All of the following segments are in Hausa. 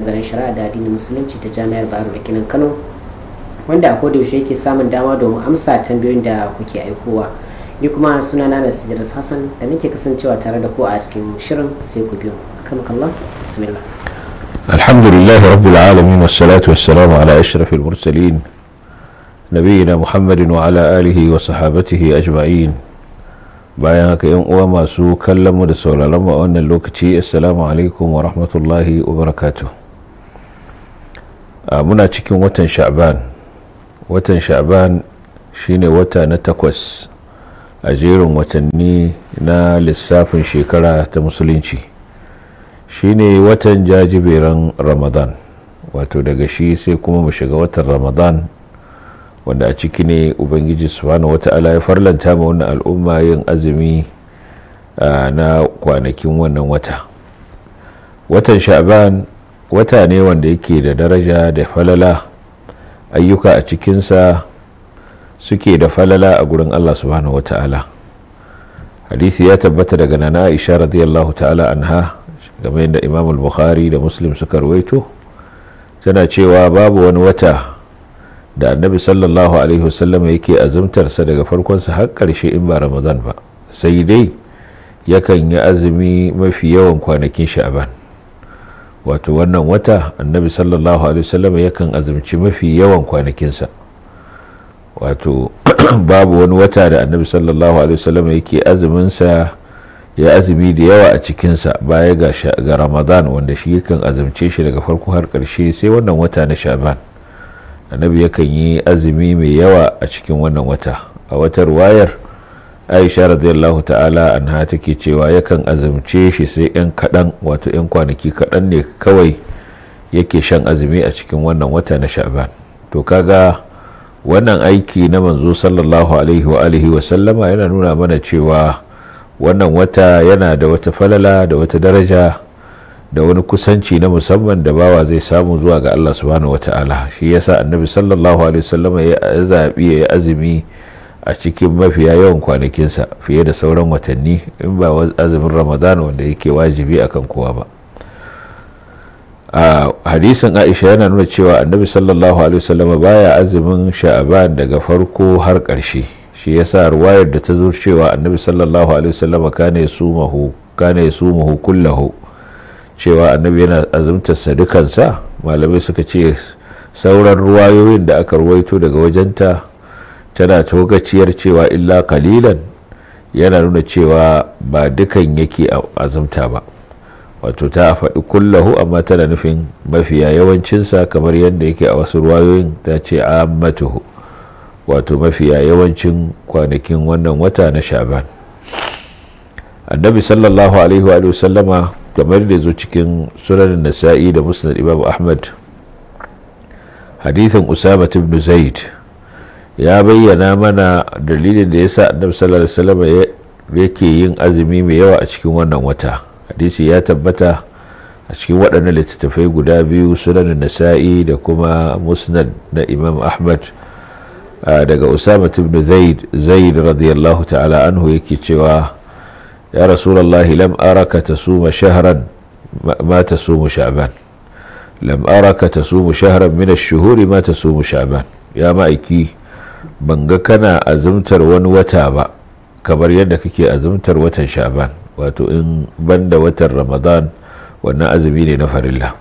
nazarin shari'a da addinin musulunci ta jami'ar bahar da kinan kano wanda a kodayaushe yake samun dama domin amsa tambayoyin da kuke aikowa ni kuma suna na nasir hassan da nake kasancewa tare da ku a cikin shirin sai ku biyo akan bismillah alhamdulillahi rabbil alamin wassalatu wassalamu ala ashrafil mursalin nabiyina muhammadin wa ala alihi wa sahabatihi ajma'in bayan haka yan uwa masu kallon mu da sauraron mu a wannan lokaci assalamu alaikum wa rahmatullahi wa barakatuh Ah, muna cikin watan sha'ban watan sha'ban shine wata na takwas a jerin watanni na lissafin shekara ta musulunci shine watan jajiberan ramadan wato daga shi sai kuma mu shiga watan ramadan wanda a ciki ne ubangiji subhanahu ta'ala ya farlanta ma wannan al'umma yin azumi ah, na kwanakin wannan wata watan sha'ban wata ne wanda yake da daraja da falala ayyuka a cikinsa suke da falala a gurin allah subhanahu wa ta'ala hadisi ya tabbata daga nana aisha radiyallahu ta'ala anha game da imam al-bukhari da muslim suka ruwaito tana cewa babu wani wata da annabi sallallahu alaihi wasallam yake azumtarsa daga farkonsa har karshe in ba ramadan ba sai dai yakan yi azumi mafi yawan kwanakin sha'aban wato wannan wata annabi sallallahu alaihi wasallam yakan azumci mafi yawan kwanakinsa wato babu wani wata da annabi sallallahu alaihi wasallam yake azuminsa ya azumi da yawa a cikinsa baya ga, ga ramadan wanda shi yakan azumce shi daga farko har ƙarshe sai wannan wata na shaban annabi yakan yi azumi mai yawa a cikin wannan wata a watar wayar aisha radiyallahu ta'ala anha take cewa yakan azumce shi sai 'yan kaɗan wato 'yan kwanaki kaɗan ne kawai yake shan azumi a cikin wannan wata na sha'ban to kaga wannan aiki na manzo sallallahu alaihi wa alihi wa sallama yana nuna mana cewa wannan wata yana da wata falala da wata daraja da wani kusanci na musamman da bawa zai samu zuwa ga Allah subhanahu ta'ala shi yasa annabi sallallahu alaihi wa sallama ya zaɓi ya azumi a cikin mafiya yawan kwanakinsa fiye da sauran watanni in ba azumin ramadan wanda yake wajibi akan kowa ba a hadisin aisha yana nuna cewa annabi sallallahu alaihi wasallama baya azumin sha'aban daga farko har ƙarshe shi yasa ruwayar da ta zo cewa annabi sallallahu alaihi wasallama kana kana kullahu cewa annabi yana azumtar sadukansa malamai suka ce sauran ruwayoyin da aka ruwaito daga wajenta tana togaciyar cewa illa kalilan yana nuna cewa ba dukan yake azumta ba wato ta faɗi kullahu amma tana nufin mafiya yawancinsa kamar yadda yake a wasu ruwayoyin ta ce ammatuhu wato mafiya yawancin kwanakin wannan wata na shaban annabi sallallahu alaihi wa sallama kamar da zo cikin sunan nasa'i da musnad imam ahmad hadithin usama ibn zaid ya bayyana mana dalilin da ya sa annabi sallallahu alaihi wasallam yake yin azumi mai yawa a cikin wannan wata hadisi ya tabbata a cikin waɗannan littattafai guda biyu sunan nasa'i da kuma musnad na imam ahmad daga usama ibn zaid zaid radiyallahu ta'ala anhu yake cewa ya rasulallahi lam araka tasuma shahran ma tasumu sha'ban lam araka tasumu shahran min ash-shuhuri ma tasumu sha'ban ya ma'aiki ban ga kana azumtar wani wata ba kamar yadda kake azumtar watan sha'ban wato in banda watan ramadan wannan azumi ne na farilla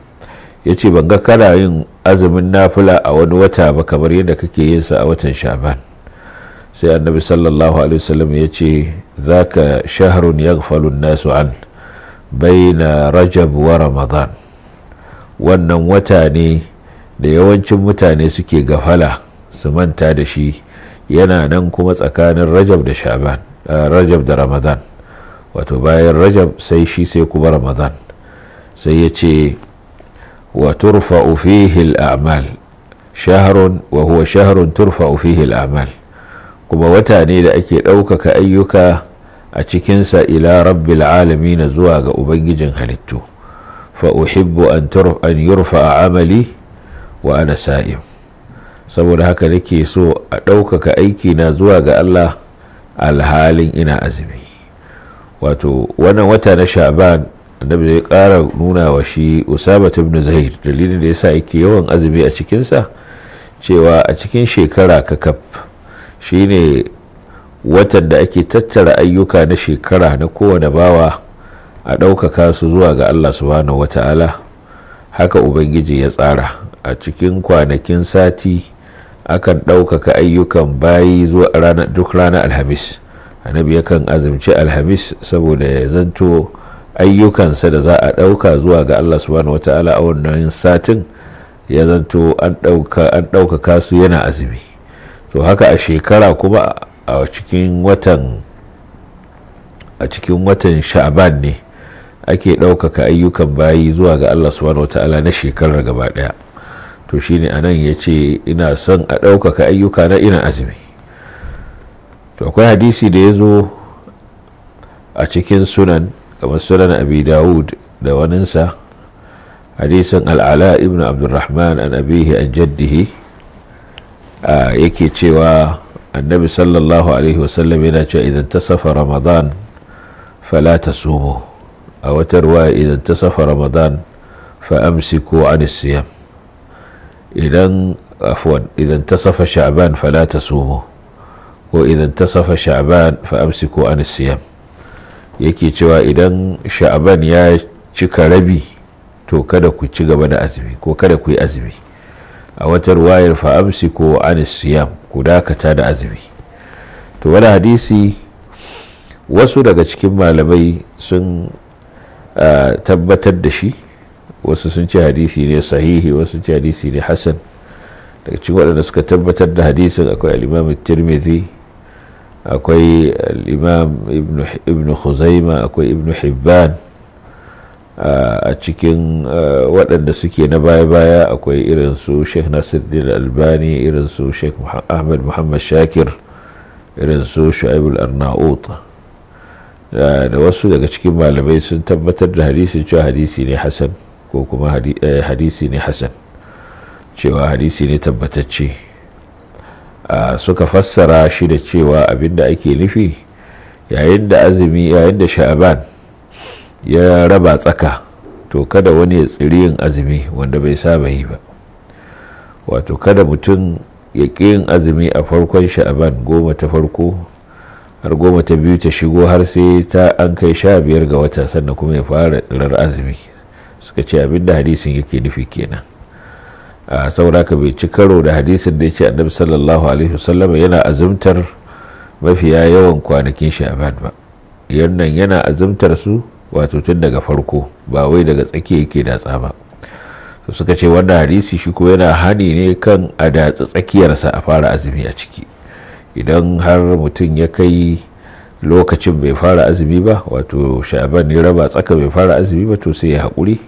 ya ce ban ga kana yin azumin nafila a wani wata ba kamar yadda kake yin sa a watan sha'ban sai annabi sallallahu alaihi wasallam ya ce za ka shaharun ya nasu an baina rajab wa ramadan wannan wata ne da yawancin mutane suke gafala su manta da shi yana nan kuma tsakanin rajab da shaban rajab da ramadan wato bayan rajab sai shi sai kuma ramadan sai ya ce wa turfa fihi al'amal shaharun wa huwa shaharun turfa fihi al'amal kuma wata ne da ake ɗaukaka ayyuka a cikinsa ila rabbil na zuwa ga ubangijin halittu fa uhibbu an yurfa amali wa ana sa'im saboda haka nake so a ɗaukaka aiki na zuwa ga Allah alhalin ina azumi wato wannan wata na sha'ban annabi zai ƙara nuna wa shi usama ibn zahir dalilin da ya sa yake yawan azumi a cikinsa cewa a cikin shekara ka kakaf shine watan da ake tattara ayyuka na shekara na kowane bawa a ɗaukaka su zuwa ga Allah subhanahu wata'ala haka ubangiji ya tsara a cikin kwanakin sati akan ɗaukaka ayyukan bayi zuwa duk ranar alhamis annabi yakan azumci alhamis saboda ya zanto ayyukansa da za a ɗauka zuwa ga allah subhanahu wata'ala a wannan satin ya zanto an ɗaukaka su yana azumi to haka a shekara kuma a cikin watan sha'aban ne ake ɗaukaka ayyukan bayi zuwa ga allah subhanahu wata'ala na shekarar gaba ɗaya to shine anan ya ce ina son a ɗaukaka ayyuka na ina azumi to akwai hadisi da ya zo a cikin sunan kamar sunan abi dawud da waninsa hadisin al'ala ibn abdulrahman an abihi an jaddihi yake cewa annabi sallallahu alaihi wasallam yana cewa idan ta safa ramadan fala ta sumo a wata ruwa idan ta safa ramadan fa ko an siyam idan afwan idan ta tasafa sha'ban fala sumo ko idan ta safa sha'ban fa amsiku an siyam yake cewa idan sha'ban ya cika rabi to kada ku ci gaba da azumi ko kada ku yi azumi a wata ruwayar fa ko an siyam ku dakata da azumi to wani hadisi wasu daga cikin malamai sun ah, tabbatar da shi wasu sun ce hadisi ne sahihi wasu sun ce hadisi ne hasan daga cikin waɗanda suka tabbatar da hadisin akwai al'imam tirmidhi akwai al'imam ibn khuzaima akwai ibn hibban a cikin waɗanda suke na baya-baya akwai irin su sheikh nasiruddin albani irin su sheikh ahmed muhammad shakir irin su shu'aibul arnaut da wasu daga cikin malamai sun tabbatar da hadisin cewa hadisi ne hasan ko kuma eh, hadisi ne hasan cewa hadisi ne tabbatacce ah, suka fassara shi da cewa abinda ake nufi yayin da azumi yayin da sha'aban ya raba tsaka to kada wani ya tsiri yin azumi wanda bai saba yi ba wato kada mutum ya ƙi yin azumi a farkon sha'aban goma ta farko har goma ta biyu ta shigo har sai ta an kai sha biyar ga wata sannan kuma ya fara tsirar azumi suka ce abin da hadisin yake nufi kenan a saboda ka bai ci karo da hadisin da ya ce annabi sallallahu alaihi wasallam yana azumtar mafiya yawan kwanakin sha'ban ba yannan yana azumtar su wato tun daga farko ba wai daga tsaki yake datsa ba suka ce wannan hadisi shi ko yana hani ne kan a datsa tsakiyarsa a fara azumi a ciki idan har mutum ya kai lokacin bai fara azumi ba wato shaban ya raba tsaka bai fara azumi ba to sai ya haƙuri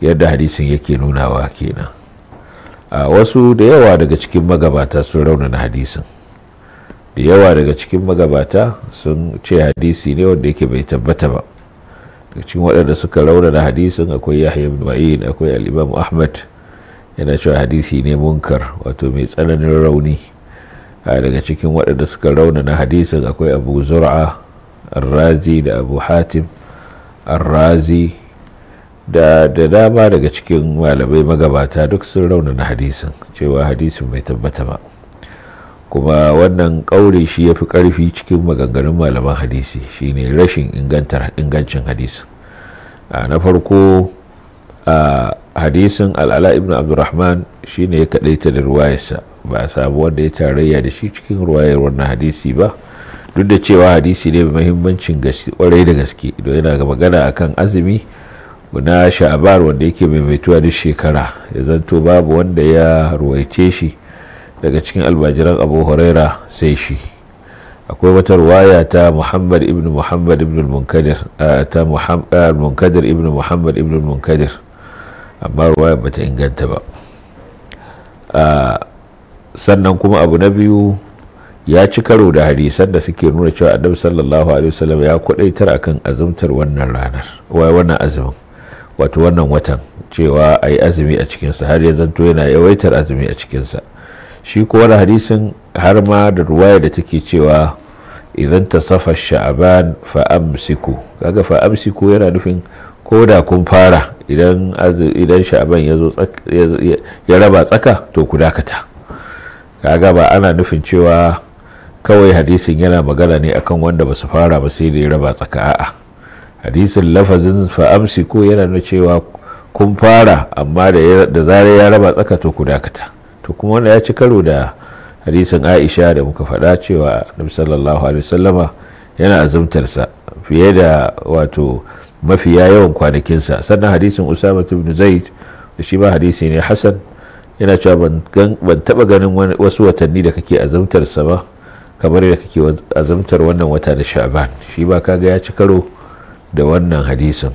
yadda hadisin yake nunawa kenan a wasu da yawa daga cikin magabata sun rauna na hadisin da yawa daga cikin magabata sun ce hadisi ne wanda yake bai tabbata ba daga cikin waɗanda suka rauna na hadisin akwai yahya bin ma'in akwai alimam ahmad yana cewa hadisi ne munkar wato mai tsananin rauni A daga cikin waɗanda suka raunana hadisin akwai abu zur'a razi da abu hatim razi da da dama daga cikin malamai magabata duk sun raunana hadisin cewa hadisin mai tabbata ba kuma wannan ƙaure shi ya fi ƙarfi cikin maganganun malaman hadisi shine rashin ingancin hadisin na farko a hadisin al'ala ibn abdurrahman shine ya kadaita da ruwayarsa ba a samu wanda ya tarayya da shi cikin ruwayar wannan hadisi ba duk da cewa hadisi ne mai muhimmancin kwarai da gaske don yana ga magana akan azumi na sha'abar wanda yake maimaituwa duk shekara ya zanto babu wanda ya ruwaice shi daga cikin albajiran abu huraira sai shi akwai wata ruwaya ta muhammad ibn muhammad ibn munkadir ta ibn muhammad ibn munkadir amma ruwaya ba ta inganta ba ah, sannan kuma abu na biyu ya ci karo da hadisan da suke nuna cewa adam sallallahu alaihi wasallam ya kudaitar akan azumtar wannan ranar wannan azumin wato wannan watan cewa a yi azumi a cikinsa har ya zanto yana yawaitar azumi a cikinsa shi ko wani hadisin har ma da ruwaya da take cewa idan ta safa sha'aban fa'amsiku kaga fa'amsiku yana nufin ko da kun fara idan sha'aban ya raba tsaka to ku dakata kaga ba ana nufin cewa kawai hadisin yana magana ne akan wanda ba su fara ba sai da ya raba tsaka a'a hadisin lafazin fa'amsi ko yana na cewa kun fara amma da zarar ya raba tsaka to ku dakata to kuma wanda ya ci karo da hadisin aisha da muka faɗa cewa nabi sallallahu alaihi wasallama yana azumtarsa fiye da wato mafiya yawan kwanakinsa sannan hadisin usama ibn zaid da shi ma hadisi ne hassan, yana cewa ban taba ganin wasu watanni da kake azamtar sa ba kamar da kake azamtar wannan wata na sha'ban shi ba kaga ya ci karo da wannan hadisin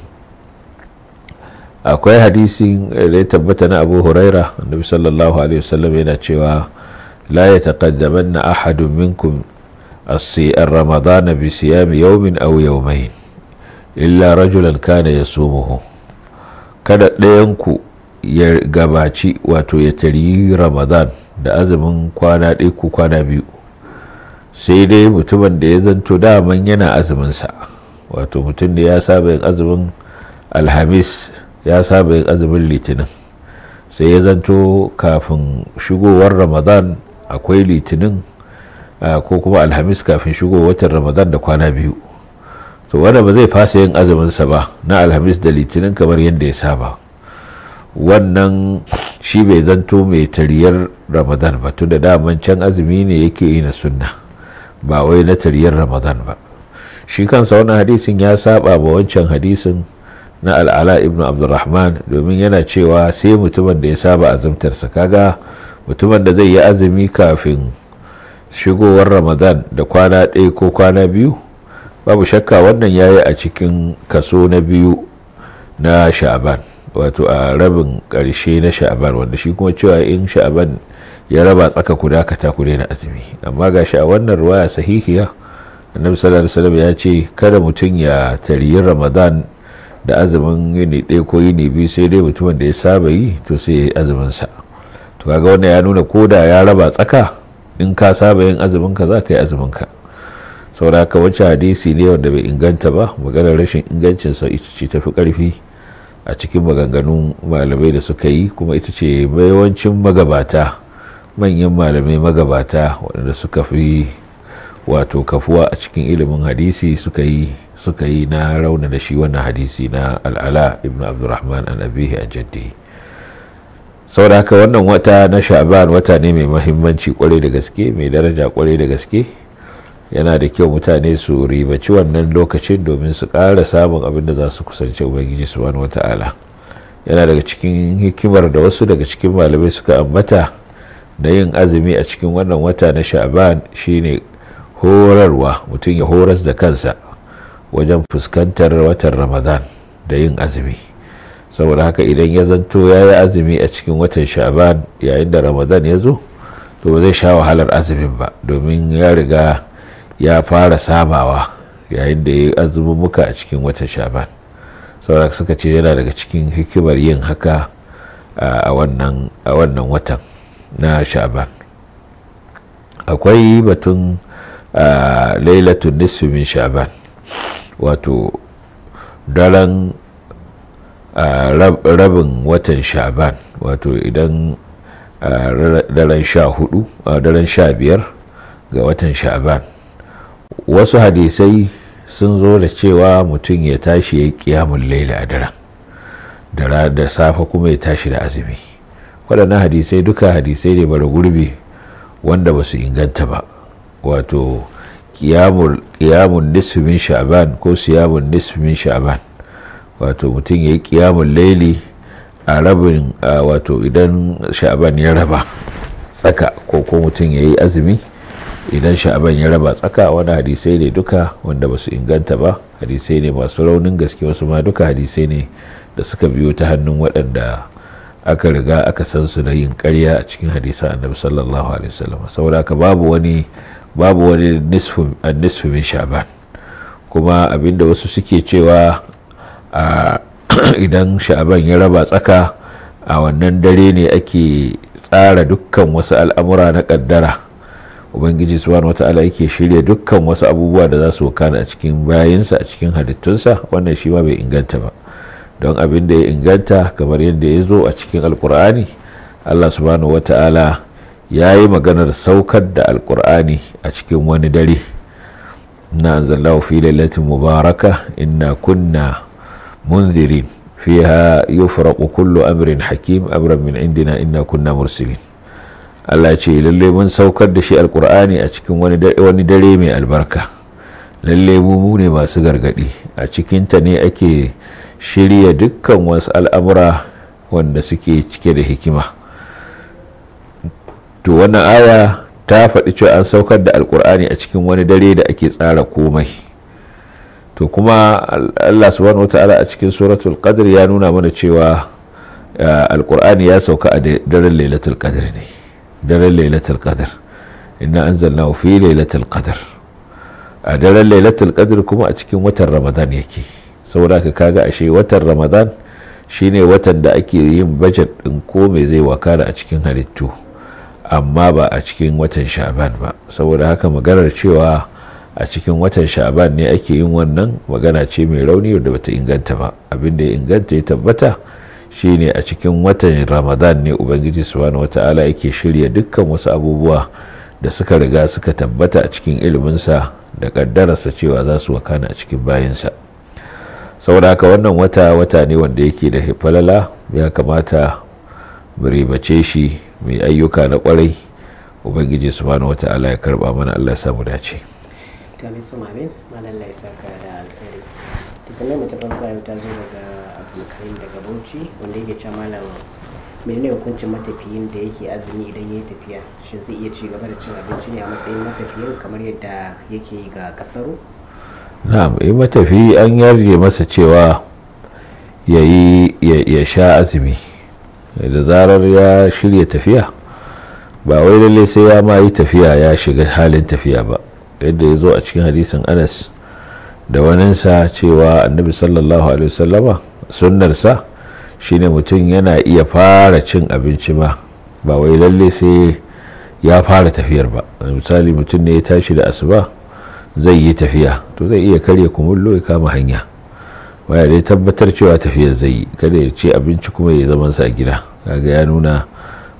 akwai hadisin eh, da ya tabbata na abu huraira annabi sallallahu alaihi wasallam yana cewa la na ahadun minkum as-siyam ramadana bi siyami yawmin illa rajulan kana ya somuhu kada ɗayanku ya gabaci wato ya tari ramadan da azumin kwana ɗaya ko kwana biyu sai dai mutumin da ya zanto daman yana azuminsa wato mutum da ya saba yin azumin alhamis ya saba yin azumin litinin sai ya zanto kafin shigowar ramadan akwai litinin ko kuma alhamis kafin shigowar watan ramadan da kwana biyu to wanda ba zai fasa yin azuminsa ba na alhamis da litinin kamar yadda ya saba wannan shi bai zanto mai tariyar ramadan ba tunda daman can azumi ne yake yi na sunna ba wai na tariyar ramadan ba shi kansa wannan hadisin ya saba ba wancan hadisin na al'ala ibn abdulrahman domin yana cewa sai mutumin da ya saba azumtarsa kaga mutumin da zai yi azumi kafin shigowar ramadan da kwana ɗaya ko kwana biyu babu shakka wannan ya yi a cikin kaso na biyu na sha'aban wato a rabin karshe na sha'aban wanda shi kuma cewa in sha'aban ya raba tsaka ku dakata ku daina azumi amma ga shi a wannan ruwaya sahihiya annabi sallallahu alaihi wasallam ya ce kada mutum ya tariyi ramadan da azumin yini ɗaya ko yini biyu sai dai mutumin da ya saba yi to sai ya yi azumin sa to kaga wannan ya nuna ko da ya raba tsaka in ka saba yin azumin ka za ka yi azumin ka sauraka wancan hadisi ne wanda bai inganta ba maganar rashin ingancinsa ita ce tafi karfi a cikin maganganun malamai da suka yi kuma ita ce yawancin magabata manyan malamai magabata waɗanda suka fi wato kafuwa a cikin ilimin hadisi suka yi suka yi na rauna da shi wannan hadisi na al'ala ibn abdurrahman an abihi a jaddi saboda haka wannan wata na sha'ban wata ne mai mahimmanci kwarai da gaske mai daraja kwarai da gaske yana da kyau mutane su ribaci wannan lokacin domin su kara samun abin da za su kusance ubangiji subhanahu wata'ala yana daga cikin hikimar da wasu daga cikin malamai suka ambata na yin azumi a cikin wannan wata na sha'ban shine horarwa mutum ya horas da kansa wajen fuskantar watan ramadan da yin azumi saboda haka idan ya zanto ya yi azumi a cikin watan sha'aban yayin da ramadan ya zo to ba zai sha wahalar azumin ba domin ya riga ya fara sabawa yayin da ya azumin muka a cikin watan shaban saboda suka ce yana daga cikin hikimar yin haka a wannan watan na shaban akwai batun lailatun nisfi min shaban wato daren rabin watan shaban wato idan daren sha hudu daren sha biyar ga watan shaban wasu hadisai sun zo da cewa mutum ya tashi ya yi kiyamun laila a daren da safe kuma ya tashi da azumi waɗannan hadisai duka hadisai ne bara gurbi wanda ba su inganta ba wato kiyamun nisfin sha'ban ko siyamun nisfin sha'ban wato mutum ya yi kiyamun laili a rabin wato idan sha'ban ya raba tsaka ko ko mutum ya yi azumi idan sha'aban ya raba tsaka wani hadisai ne duka wanda ba su inganta ba hadisai ne masu raunin gaske wasu ma duka hadisai ne da suka biyo ta hannun waɗanda aka riga aka san su da yin karya a cikin hadisan annabi sallallahu alaihi wasallam saboda haka babu wani babu wani nisfu min sha'ban kuma abinda wasu suke cewa idan sha'aban ya raba tsaka a wannan dare ne ake tsara dukkan wasu al'amura na kaddara ubangiji subhanahu wata'ala yake shirya dukkan wasu abubuwa da za su wakana a cikin bayansa a cikin halittunsa wannan shi ma bai inganta ba don abin da ya inganta kamar yadda ya zo a cikin alkur'ani allah subhanahu wata'ala ya yi maganar saukar da alkur'ani a cikin wani dare na anzallahu fi lailatin mubaraka inna kunna munzirin fiha yufraqu kullu amrin hakim amran min indina inna kunna mursilin Allah ce lalle mun saukar da shi alkur'ani a cikin wani dare mai albarka lalle mu ne masu gargadi a cikinta ne ake shirya dukkan wasu al'amura wanda suke cike da hikima to wannan aya ta faɗi cewa an saukar da alkur'ani a cikin wani dare da ake tsara komai to kuma allah subhanahu wata'ala a cikin suratul qadr ya nuna mana cewa eh, alkur'ani ya sauka a daren lailatul qadr ne daren lailatul qadr inna anzalnahu fi lailatul qadr a daren lailatul qadr kuma a cikin watan ramadan yake saboda ka kaga ashe watan ramadan shine watan da ake yin bajet din ko me zai wakana a cikin halittu amma ba a cikin watan sha'ban ba saboda haka maganar cewa a cikin watan sha'ban ne ake yin wannan magana ce mai rauni da bata inganta ba abin da ya inganta ya tabbata shine a cikin watan ramadan ne ubangiji subhanahu wata'ala yake shirya dukkan wasu abubuwa da suka riga suka tabbata a cikin iliminsa da kaddararsa cewa za su wakana a cikin bayansa saboda haka wannan wata wata ne wanda yake da falala ya kamata mu ribace shi mai ayyuka na kwarai ubangiji subhanahu wata'ala ya karba mana Allah ya samu dace alkarim daga bauchi wanda yake cewa malam menene hukuncin matafiyin da yake azumi idan ya tafiya shin zai iya ci gaba da cin abinci ne a matsayin matafiyin kamar yadda yake ga kasaru na'am eh matafi an yarje masa cewa ya yi ya sha azumi da zarar ya shirya tafiya ba wai lalle sai ya ma yi tafiya ya shiga halin tafiya ba yadda ya zo a cikin hadisin anas da waninsa cewa annabi sallallahu alaihi wasallama sunnarsa shine mutum yana iya fara cin abinci ma ba wai lalle sai ya fara tafiyar ba misali mutum ne ya tashi da asuba zai yi tafiya to zai iya karya kumullo ya kama hanya waya dai tabbatar cewa tafiyar zai yi kada ya ce abinci kuma ya zaman sa gida kaga ya nuna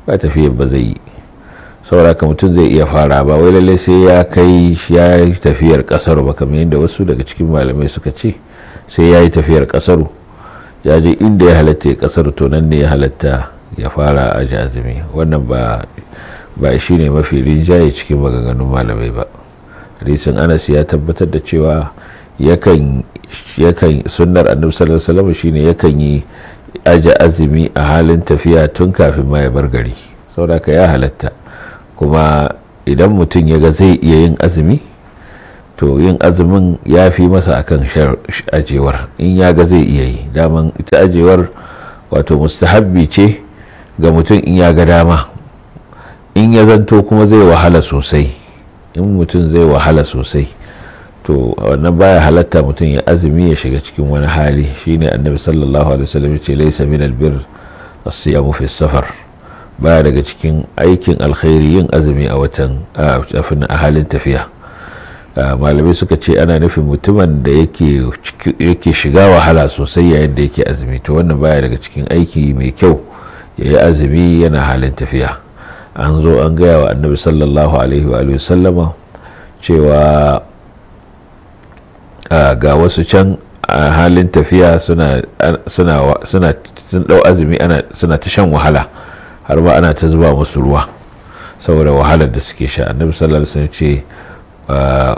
ba tafiyar ba zai yi ka mutum zai iya fara ba wai lalle sai ya kai ya yi tafiyar kasaru ba kamar yadda wasu daga cikin malamai suka ce sai ya yi tafiyar kasaru ya inda ya halatta ya kasar to ne ya halatta ya fara a azumi wannan ba ba shi ne mafi rinjaye cikin maganganun malamai ba risin anas ya tabbatar da cewa yakan yakan sunnar annabi sallallahu alaihi yakan yi aje azumi a halin tafiya tun kafin ma ya bar gari saboda ya halatta kuma idan mutum ya ga zai iya yin azumi to yin azumin ya fi masa akan ajewar in ya ga zai iya yi daman ita ajewar wato mustahabbi ce ga mutum in ya ga dama in ya zanto kuma zai wahala sosai in mutum zai wahala sosai to wannan baya halatta mutum ya azumi ya shiga cikin wani hali shine annabi sallallahu alaihi wasallam ce laysa min albir as-siyamu fi safar baya daga cikin aikin alkhairi yin azumi a watan a halin tafiya Ah, malamai suka ce ana nufin mutumin da yake shiga wahala sosai yayin da yake azumi to wannan baya daga cikin aiki mai kyau ya yi azumi yana halin tafiya an zo an gaya wa annabi sallallahu alaihi wa sallama cewa ah, ga wasu can a halin tafiya suna sun dau azumi suna ta shan wahala har ma ana ta zuba masu ruwa saboda wahalar da suke sha annabi sallallahu alaihi wasallam ce Uh,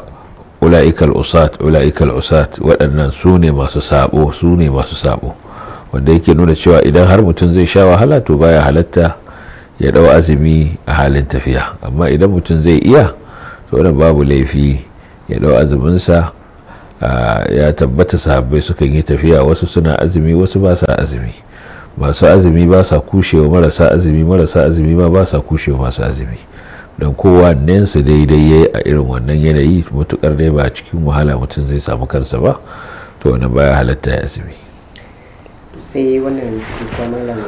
ula'ikal usat ula'ikal usat waɗannan su ne masu sabo su ne masu sabo wanda yake nuna cewa idan har mutum zai sha wahala to baya halatta ya ɗau azumi a halin tafiya amma idan mutum zai iya to wannan babu laifi ya dau azuminsa uh, ya tabbata sahabbai sukan yi tafiya wasu suna azumi wasu ba sa azumi masu azumi ba sa kushewa marasa azumi marasa azumi ma ba sa kushewa masu azumi don kowa nensa daidai ya yi a irin wannan yanayi matukar dai ba cikin wahala mutum zai samu kansa ba to wani baya halatta ya azumi sai wannan cuta malam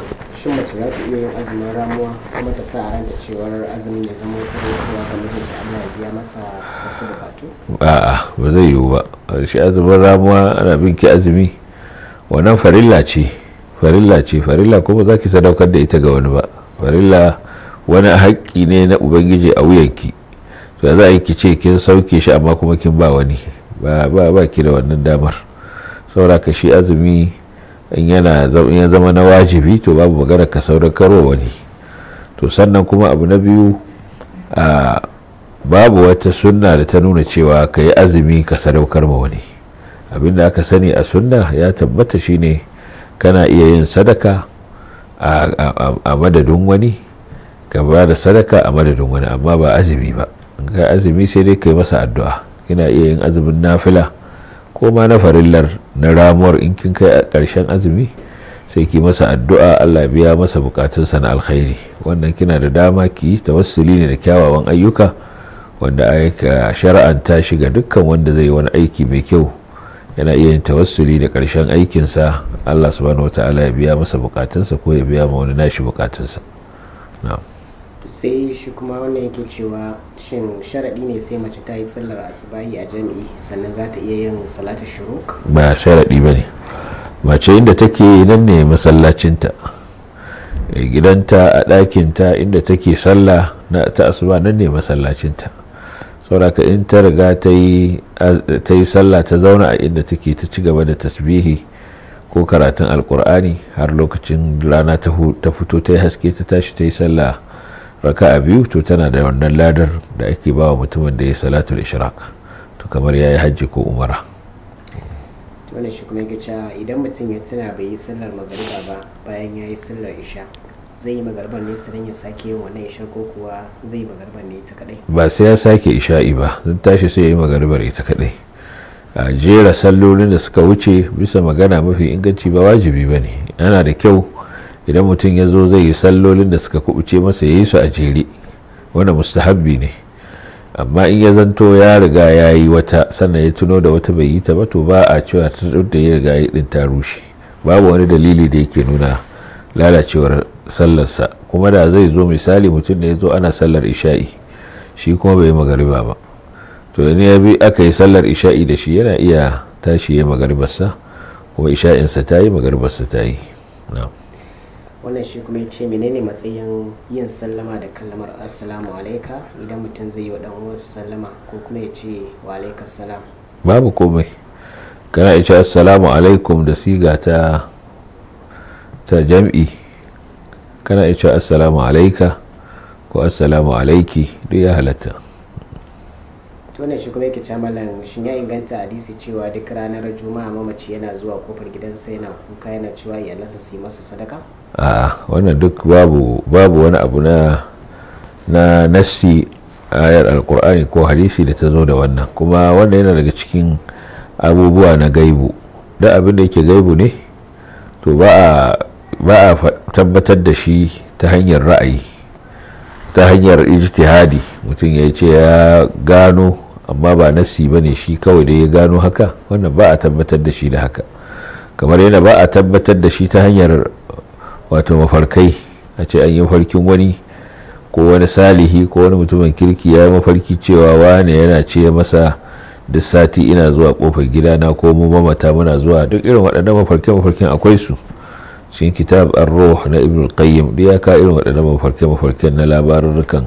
shi mace za ta iya yin azumin ramuwa kuma ta sa ranta cewar azumin ya zama wasu sadaukarwa ga da Allah ya biya masa wasu bukatu a'a ba zai yiwu ba shi azumin ramuwa ana bin ki azumi wannan farilla ce farilla ce farilla kuma za ki sadaukar da ita ga wani ba farilla wani haƙƙi ne na ubangiji a wuyanki to za a ki ce kin sauke shi amma kuma kin ba wani ba ki da wannan damar ka shi azumi in yana ya zama na wajibi to babu magana ka saurakarwa wani to sannan kuma abu na biyu a babu wata sunna da ta nuna cewa ka yi azumi ka sadaukar ma wani abinda aka sani a sunna ya tabbata shine kana iya yin sadaka a madadin wani ka ba da sadaka a madadin wani amma ba azumi ba ga azumi sai dai kai masa addu'a kina iya yin azumin nafila ko ma na farillar na ramuwar in kin kai a ƙarshen azumi sai ki masa addu'a Allah biya masa bukatunsa na alkhairi wannan kina da dama ki yi tawassuli ne da kyawawan ayyuka wanda ayyuka shar'anta shi ga dukkan wanda zai yi wani aiki mai kyau yana iya yin tawassuli da ƙarshen aikinsa Allah subhanahu wata'ala ya biya masa bukatunsa ko ya biya ma wani nashi bukatunsa na'am sai shi kuma wannan yake cewa shin sharaɗi ne sai mace ta yi sallar asibahi a jami'i sannan za ta iya yin salata shuruk ba sharaɗi ba ne mace inda take nan ne masallacinta gidanta a ɗakinta inda take salla na ta asuba nan ne masallacinta sauraka in ta riga ta yi sallah ta zauna a inda take ta ci gaba da tasbihi ko karatun alkur'ani har lokacin rana ta fito ta yi haske ta tashi ta yi sallah raka'a biyu to tana da wannan ladar da ake bawa mutumin da ya salatul ishraq to kamar ya yi hajji ko umara wannan shi kuma idan mutum ya tuna bai yi sallar magariba ba bayan ya yi sallar isha zai yi magarban ne sannan ya sake yin wannan isha ko kuwa zai yi magarban ne ita kadai ba sai ya sake isha'i ba zan tashi sai ya yi magarbar ita kadai a jera sallolin da suka wuce bisa magana mafi inganci ba wajibi ba ne yana da kyau idan mutum ya zo zai yi sallolin da suka kubuce masa ya yi su a jere wanda mustahabbi ne amma in ya zanto ya riga ya yi wata sannan ya tuno da wata bai yi ta ba to ba a cewa ta da ya riga ya din ta rushe babu wani dalili da yake nuna lalacewar sallarsa kuma da zai zo misali mutum da ya zo ana sallar isha'i shi kuma bai yi magariba ba to ne ya bi aka yi sallar isha'i da shi yana iya tashi ya magaribarsa kuma isha'insa ta yi magaribarsa ta yi na'am wannan shi kuma ce menene matsayin yin sallama da kalmar assalamu alaika idan mutum zai yi wa wasu sallama ko kuma ya ce wa alaika salam babu komai kana ya ce assalamu alaikum da siga ta ta jam'i kana ya ce assalamu alaika ko assalamu alaiki duk ya halatta tone shi kuma yake camalan malam shin ya inganta hadisi cewa duk ranar juma'a mamaci yana zuwa kofar gidansa yana kuka yana cewa iyalansa su yi masa sadaka a wannan duk babu wani abu na na nassi ayar alkur'ani ko hadisi da ta zo da wannan kuma wannan yana daga cikin abubuwa na gaibu da abin da yake gaibu ne to ba a tabbatar da shi ta hanyar ra'ayi ta hanyar ijtihadi mutum ya ce ya gano amma ba nasi ba ne shi kawai da ya gano haka wannan ba a tabbatar da shi da haka kamar yana ba a tabbatar da shi ta hanyar wato mafarkai a ce an yi mafarkin wani ko wani salihi ko wani mutumin kirki ya yi mafarki cewa wane yana ce masa duk sati ina zuwa kofar na ko mu mamata muna zuwa duk irin waɗannan mafarkin mafarkin akwai su cikin kitab ar na ibn qayyim da ya ka irin waɗannan mafarkin mafarkin na labarurrukan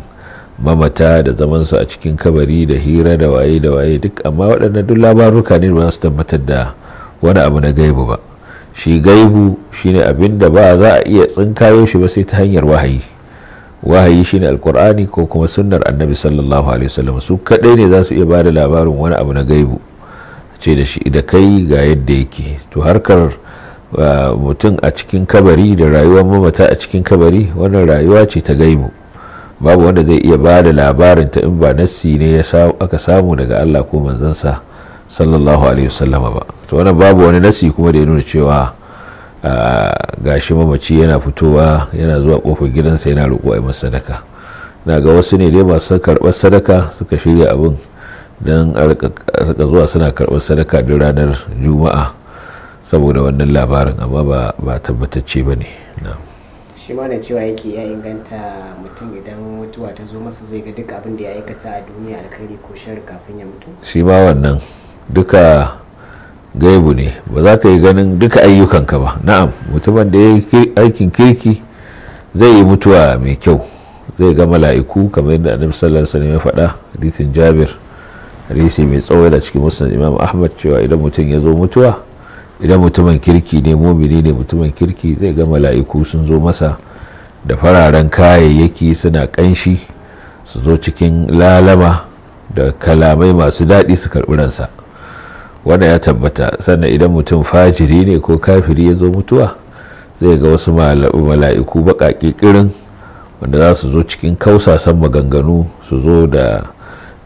mamata da zaman su a cikin kabari da hira da waye da waye duk amma waɗannan duk labaruka ne ba su tabbatar da wani abu na gaibu ba shi gaibu shine abin da ba za a iya tsinkayo shi ba sai ta hanyar wahayi wahayi shine alkur'ani ko kuma sunnar annabi sallallahu alaihi wasallam su kadai ne za su iya bada labarin wani abu na gaibu ce da shi da kai ga yadda yake to harkar ah, mutum a cikin kabari da rayuwar mamata a cikin kabari wannan rayuwa ce ta gaibu babu wanda zai iya bada labarin ta in ba nassi ne aka samu daga Allah ko manzansa sallallahu alaihi wasallama ba to wannan babu wani nasi kuma da ya nuna cewa gashi mamaci yana fitowa yana zuwa kofar gidansa yana roƙo a masa sadaka na ga wasu ne dai masu karɓar sadaka suka shirya abin don a zuwa suna karɓar sadaka duk ranar juma'a saboda wannan labarin amma ba tabbatacce ba ne shi ma cewa yake ya inganta mutum idan mutuwa ta zo masa zai ga duk abin da ya aikata a duniya alkhairi ko shari kafin ya mutu shi ma wannan duka gaibu ne ba za ka yi ganin duka ayyukanka ba na'am mutumin da ya yi aikin kirki zai yi mutuwa mai kyau zai ga mala'iku kamar yadda annabi sallallahu alaihi wasallam ya faɗa jabir hadisi mai tsawo da cikin musulun imam ahmad cewa idan mutum ya zo mutuwa idan mutumin kirki ne mumini ne mutumin kirki zai ga mala'iku sun zo masa da fararen kayayyaki suna ƙanshi su zo cikin lalama da kalamai masu daɗi su karɓi ransa wanda ya tabbata sannan idan mutum fajiri ne ko kafiri ya zo mutuwa zai ga wasu mala'iku baƙaƙe ƙirin wanda za su zo cikin kausa san maganganu su zo da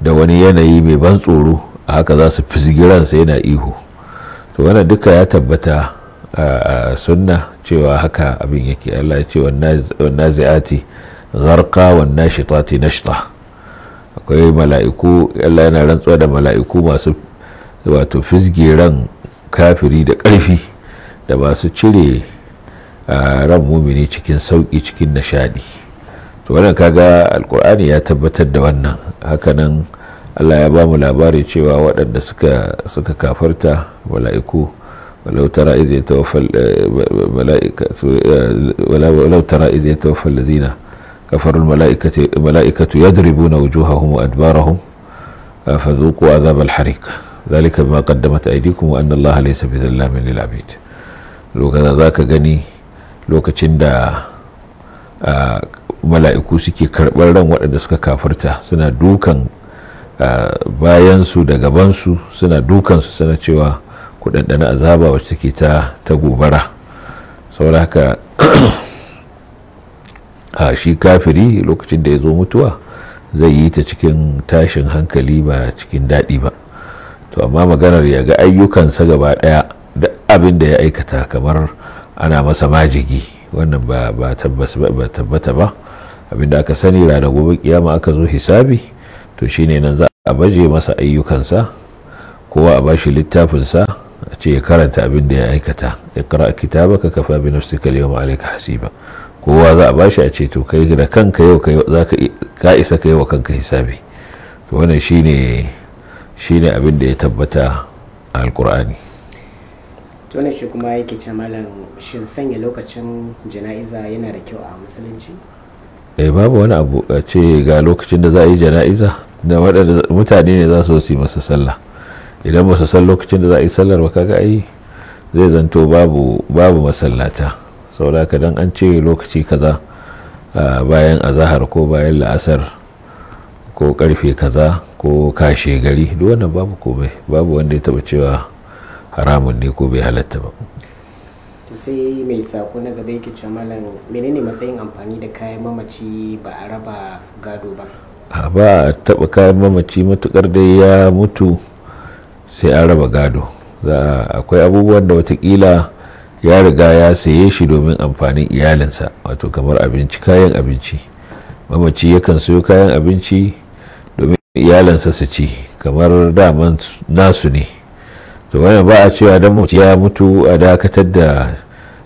wani yanayi mai ban tsoro a haka za su fizgiransa yana ihu to wani duka ya tabbata a sunna cewa haka abin yake allah ya ce wannan zai'ati zarka wannan shitati nashita akwai mala'iku allah yana rantsuwa da mala'iku masu wato fisgeran kafiri da ƙarfi da masu cire ran mumini cikin sauƙi cikin nishadi to wannan kaga alkur'ani ya tabbatar da wannan hakanan allah ya ba mu labari cewa waɗanda suka kafarta mala'iku ولو ترى إذ يتوفى الملائكة ولو ترى إذ يتوفى الذين كفروا الملائكة الملائكة يضربون وجوههم وأدبارهم فذوقوا zalika ma qaddamat aydikum wa anna allaha laysa bizallamin lil abid lokacin zaka gani lokacin da mala'iku suke karɓar ran waɗanda suka kafarta suna dukan bayansu da gabansu suna dukansu sana cewa ku dandana azaba wacce take ta ta gobara saboda haka ha shi kafiri lokacin da ya zo mutuwa zai yi ta cikin tashin hankali ba cikin daɗi ba to amma maganar ya ga ayyukansa gaba daya da abin da ya aikata kamar ana masa majigi wannan ba tabbata ba abin da aka sani ranar gobe kiyama aka zo hisabi to shine nan za a baje masa ayyukansa kowa a bashi littafinsa a ce ya karanta abin da ya aikata ya kitaba ka kafa bi nafsika al-yawma alayka hasiba kowa za a bashi a ce to kai da kanka yau ka isa ka yi wa kanka hisabi to wannan shine shine abin da ya tabbata a alkur'ani tona shi kuma yake ce malam shin sanya lokacin jana'iza yana da kyau a musulunci eh babu wani abu a ce ga lokacin da za a yi jana'iza da waɗanda mutane ne za su yi masa sallah idan ba su san lokacin da za a yi sallar ba kaga ayi zai zanto babu babu masallata saboda dan an ce lokaci kaza ah, bayan azahar ko bayan la'asar ko karfe kaza ko kashe gari duk wannan babu komai babu wanda ya taba cewa haramun ne ko bai halatta ba to sai mai sako na gaba yake ce malam menene matsayin amfani da kayan mamaci ba a raba gado ba a ba taba kayan mamaci matukar dai ya mutu sai a raba gado za akwai abubuwan da watakila ya riga ya saye shi domin amfanin iyalinsa wato kamar abinci kayan abinci mamaci yakan sayo kayan abinci iyalansa su ci kamar daman nasu ne to wannan ba a cewa dan mutu ya mutu a dakatar da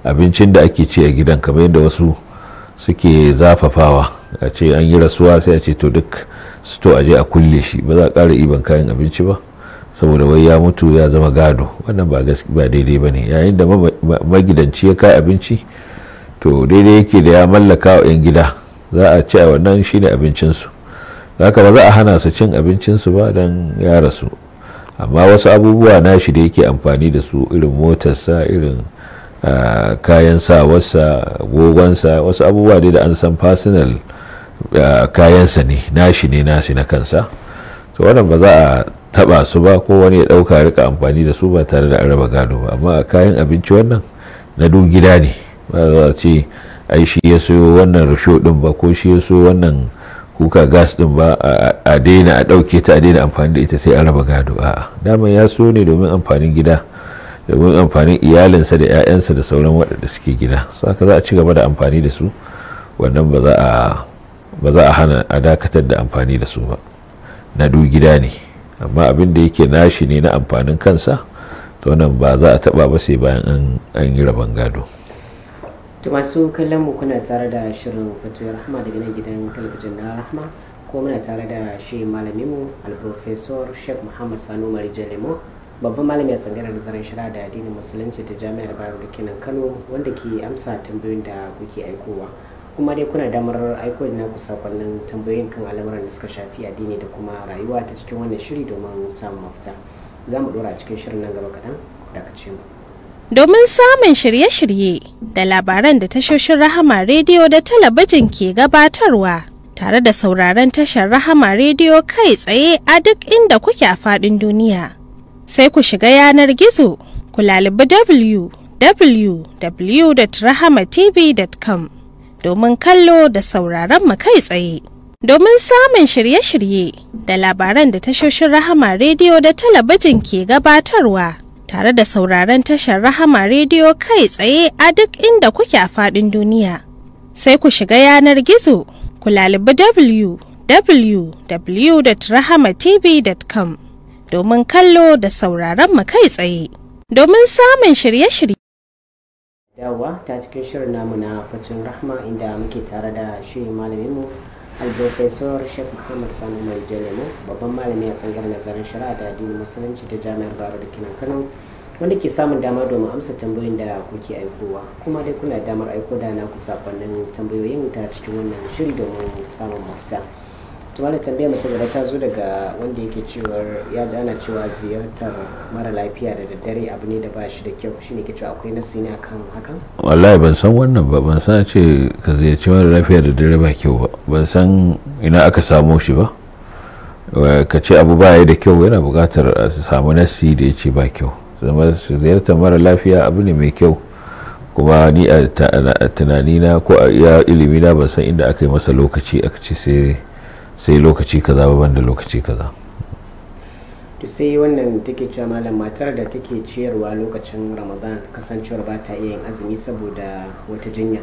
abincin da ake ci a gidan kamar yadda wasu suke zafafawa a ce an yi rasuwa sai a ce to duk su to aje a kulle shi ba za a ƙara iban kayan abinci ba saboda wai ya mutu ya zama gado wannan ba daidai ba ne yayin da magidanci ya kai abinci to daidai yake da ya mallaka wa 'yan gida za a ci a wannan shine abincinsu haka ba za a hana su cin abincinsu ba don ya rasu amma wasu abubuwa na shi da yake amfani da su irin motarsa irin kayan sawarsa gogonsa wasu abubuwa dai da an san fasinal kayansa ne nashi ne nashi na kansa to wannan ba za a taba su ba ko wani ya dauka rika amfani da su ba tare da an raba gado ba amma kayan abinci wannan na duk gida ne ba za a ce ai shi ya soyo wannan rushe din ba ko shi ya soyo wannan kuka gas din ba a daina a ɗauke ta a daina amfani da ita sai an raba gado a'a dama ya so ne domin amfanin gida domin amfanin iyalinsa da 'ya'yansa da sauran waɗanda suke gida su haka za a ci gaba da amfani da su wannan ba za a hana a dakatar da amfani da su ba na du gida ne amma abin da yake nashi ne na amfanin kansa to nan ba za a taba ba sai bayan an yi rabon gado. To masu kallon mu kuna tare da shirin fatuwar rahma daga nan gidan talabijin na rahma ko muna tare da shi malaminmu alprofesor shek Muhammad Sanu Marija Lemo babban malami a tsangarar zaren shira da addinin musulunci ta jami'ar bayan da Kano wanda ke amsa tambayoyin da kuke aikowa. kuma dai kuna damar aiko da ku sakonnin tambayoyin kan al'amuran da suka shafi addini da kuma rayuwa ta cikin wannan shiri domin samun mafita za mu dora cikin shirin nan gaba kaɗan ku ka mu. domin samun shirye-shirye da labaran da tashoshin Rahama Rediyo da talabijin ke gabatarwa tare da sauraron tashar Rahama Rediyo kai tsaye a duk inda kuke a faɗin duniya. Sai ku shiga yanar gizo, ku lalibi www.rahamatv.com domin kallo da sauraron mu kai tsaye. Domin samun shirye-shirye da labaran da tashoshin Rahama Rediyo da talabijin ke gabatarwa. tare da sauraron tashar Rahama rediyo kai tsaye a duk inda kuke a faɗin duniya. Sai ku shiga yanar gizo, ku lalibi www.rahamatv.com domin kallo da sauraron mu kai tsaye, domin samun shirye-shirye. Yawwa ta cikin shirin namu na Fatin rahama inda muke tare da shi malaminmu Alprofesor Sheikh Muhammad Sani Mai Jalemo babban malami a tsangar nazarin shari'a da addinin musulunci ta jami'ar Baro da Kinan Kano wanda ke samun dama domin amsa tambayoyin da kuke aikowa kuma dai kuna damar aiko da na ku sakonnin tambayoyin ta cikin wannan shiri domin samun mafita. tumalin tambaya mace da ta zo daga wanda yake cewar ya dana cewa ziyartar mara lafiya da daddare abu ne da ba shi da kyau shine ke cewa akwai nasi ne akan hakan wallahi ban san wannan ba ban san ce ka ziyarci mara lafiya da daddare ba kyau ba ban san ina aka samo shi ba ka ce abu ba da kyau yana buƙatar a samu nasi da ya ce ba kyau zama ziyartar mara lafiya abu ne mai kyau kuma ni a tunanina ko a iya ilimina ban san inda aka yi masa lokaci aka ce sai sai lokaci kaza ba banda lokaci kaza to sai wannan take cewa malam matar da take ciyarwa lokacin ramadan kasancewar ba ta iya yin azumi saboda wata jinya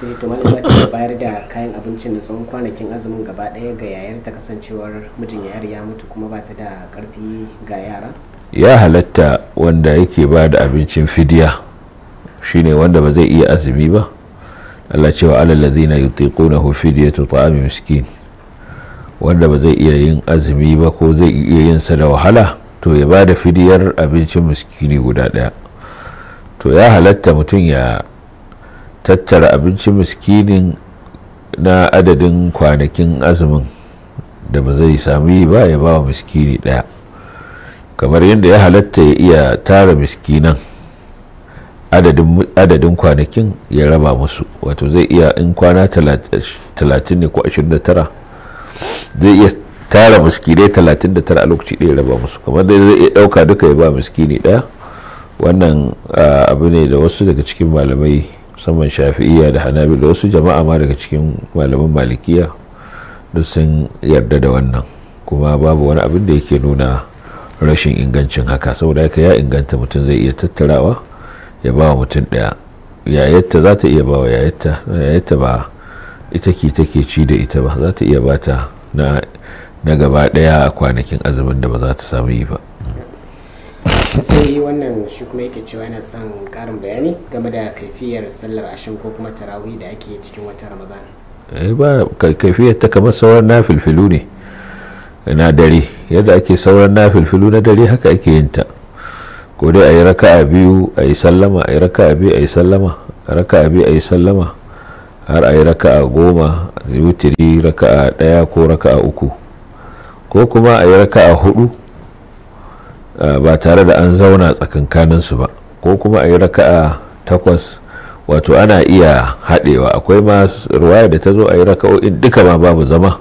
sai to malam ta bayar da kayan abincin da tsawon kwanakin azumin gaba daya ga yayar ta kasancewar mijin yayar ya mutu kuma ba ta da karfi ga yara ya halatta wanda yake ba da abincin fidiya shine wanda ba zai iya azumi ba Allah cewa alal ladzina yutiqunahu fidyatu ta'am miskin wanda ba zai iya yin azumi ba ko zai iya yin sa da wahala to ya ba da fidiyar abincin miskini guda ɗaya to ya halatta mutum ya tattara abincin miskinin na adadin kwanakin azumin da ba zai sami ba ya ba wa miskini ɗaya kamar yadda ya halatta ya iya tara miskinan adadin kwanakin ya raba musu wato zai iya in kwana 30 ne ko 29 zai iya tara miskinai tara a lokaci ɗaya raba musu kamar da zai iya ɗauka duka ya ba miskini ɗaya wannan abu ne da wasu daga cikin malamai musamman shafi'iya da hanabi da wasu jama'a ma daga cikin malaman malikiya duk sun yarda da wannan kuma babu wani abin da yake nuna rashin ingancin haka saboda haka ya inganta mutum zai iya tattarawa ya ba mutum ɗaya yayatta za ta iya ba wa yayatta ba ita ke take ci da ita ba za ta iya bata na na gaba daya a kwanakin azumin da ba za ta samu yi ba sai wannan shi kuma yake cewa yana son karin bayani game da kaifiyar sallar ashin ko kuma tarawih da ake cikin wata ramadan eh ba kaifiyar ta kamar sauran na filfilu ne na dare yadda ake sauran na filfilu na dare haka ake yin ta ko dai a yi raka'a biyu a yi sallama a yi raka'a biyu a sallama raka'a biyu a yi sallama har a yi raka'a goma a raka'a ɗaya ko raka'a uku ko kuma a yi raka'a hudu ba tare da an zauna su ba ko kuma a yi raka'a takwas wato ana iya haɗewa akwai ma ruwaya da ta zo a yi raka'o'in duka ma babu zama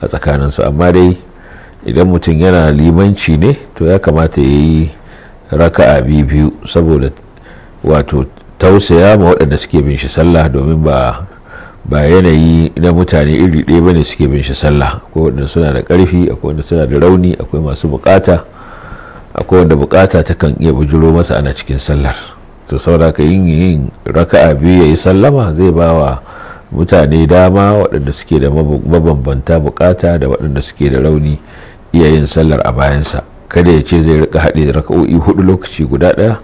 a tsakanin su amma dai idan mutum yana limanci ne to ya kamata ya yi raka'a biyu biyu saboda wato tausaya ma waɗanda suke bin shi sallah domin ba ba yanayi na mutane iri ɗaya bane suke bin shi sallah akwai wanda suna da ƙarfi akwai wanda suna da rauni akwai masu bukata akwai wanda bukata ta kan iya bujuro masa ana cikin sallar to saboda yin yin raka'a biyu yayi sallama zai ba wa mutane dama waɗanda suke da mabambanta bukata da waɗanda suke da rauni iya yin sallar a bayansa kada ya ce zai rika haɗe raka'o'i hudu lokaci guda ɗaya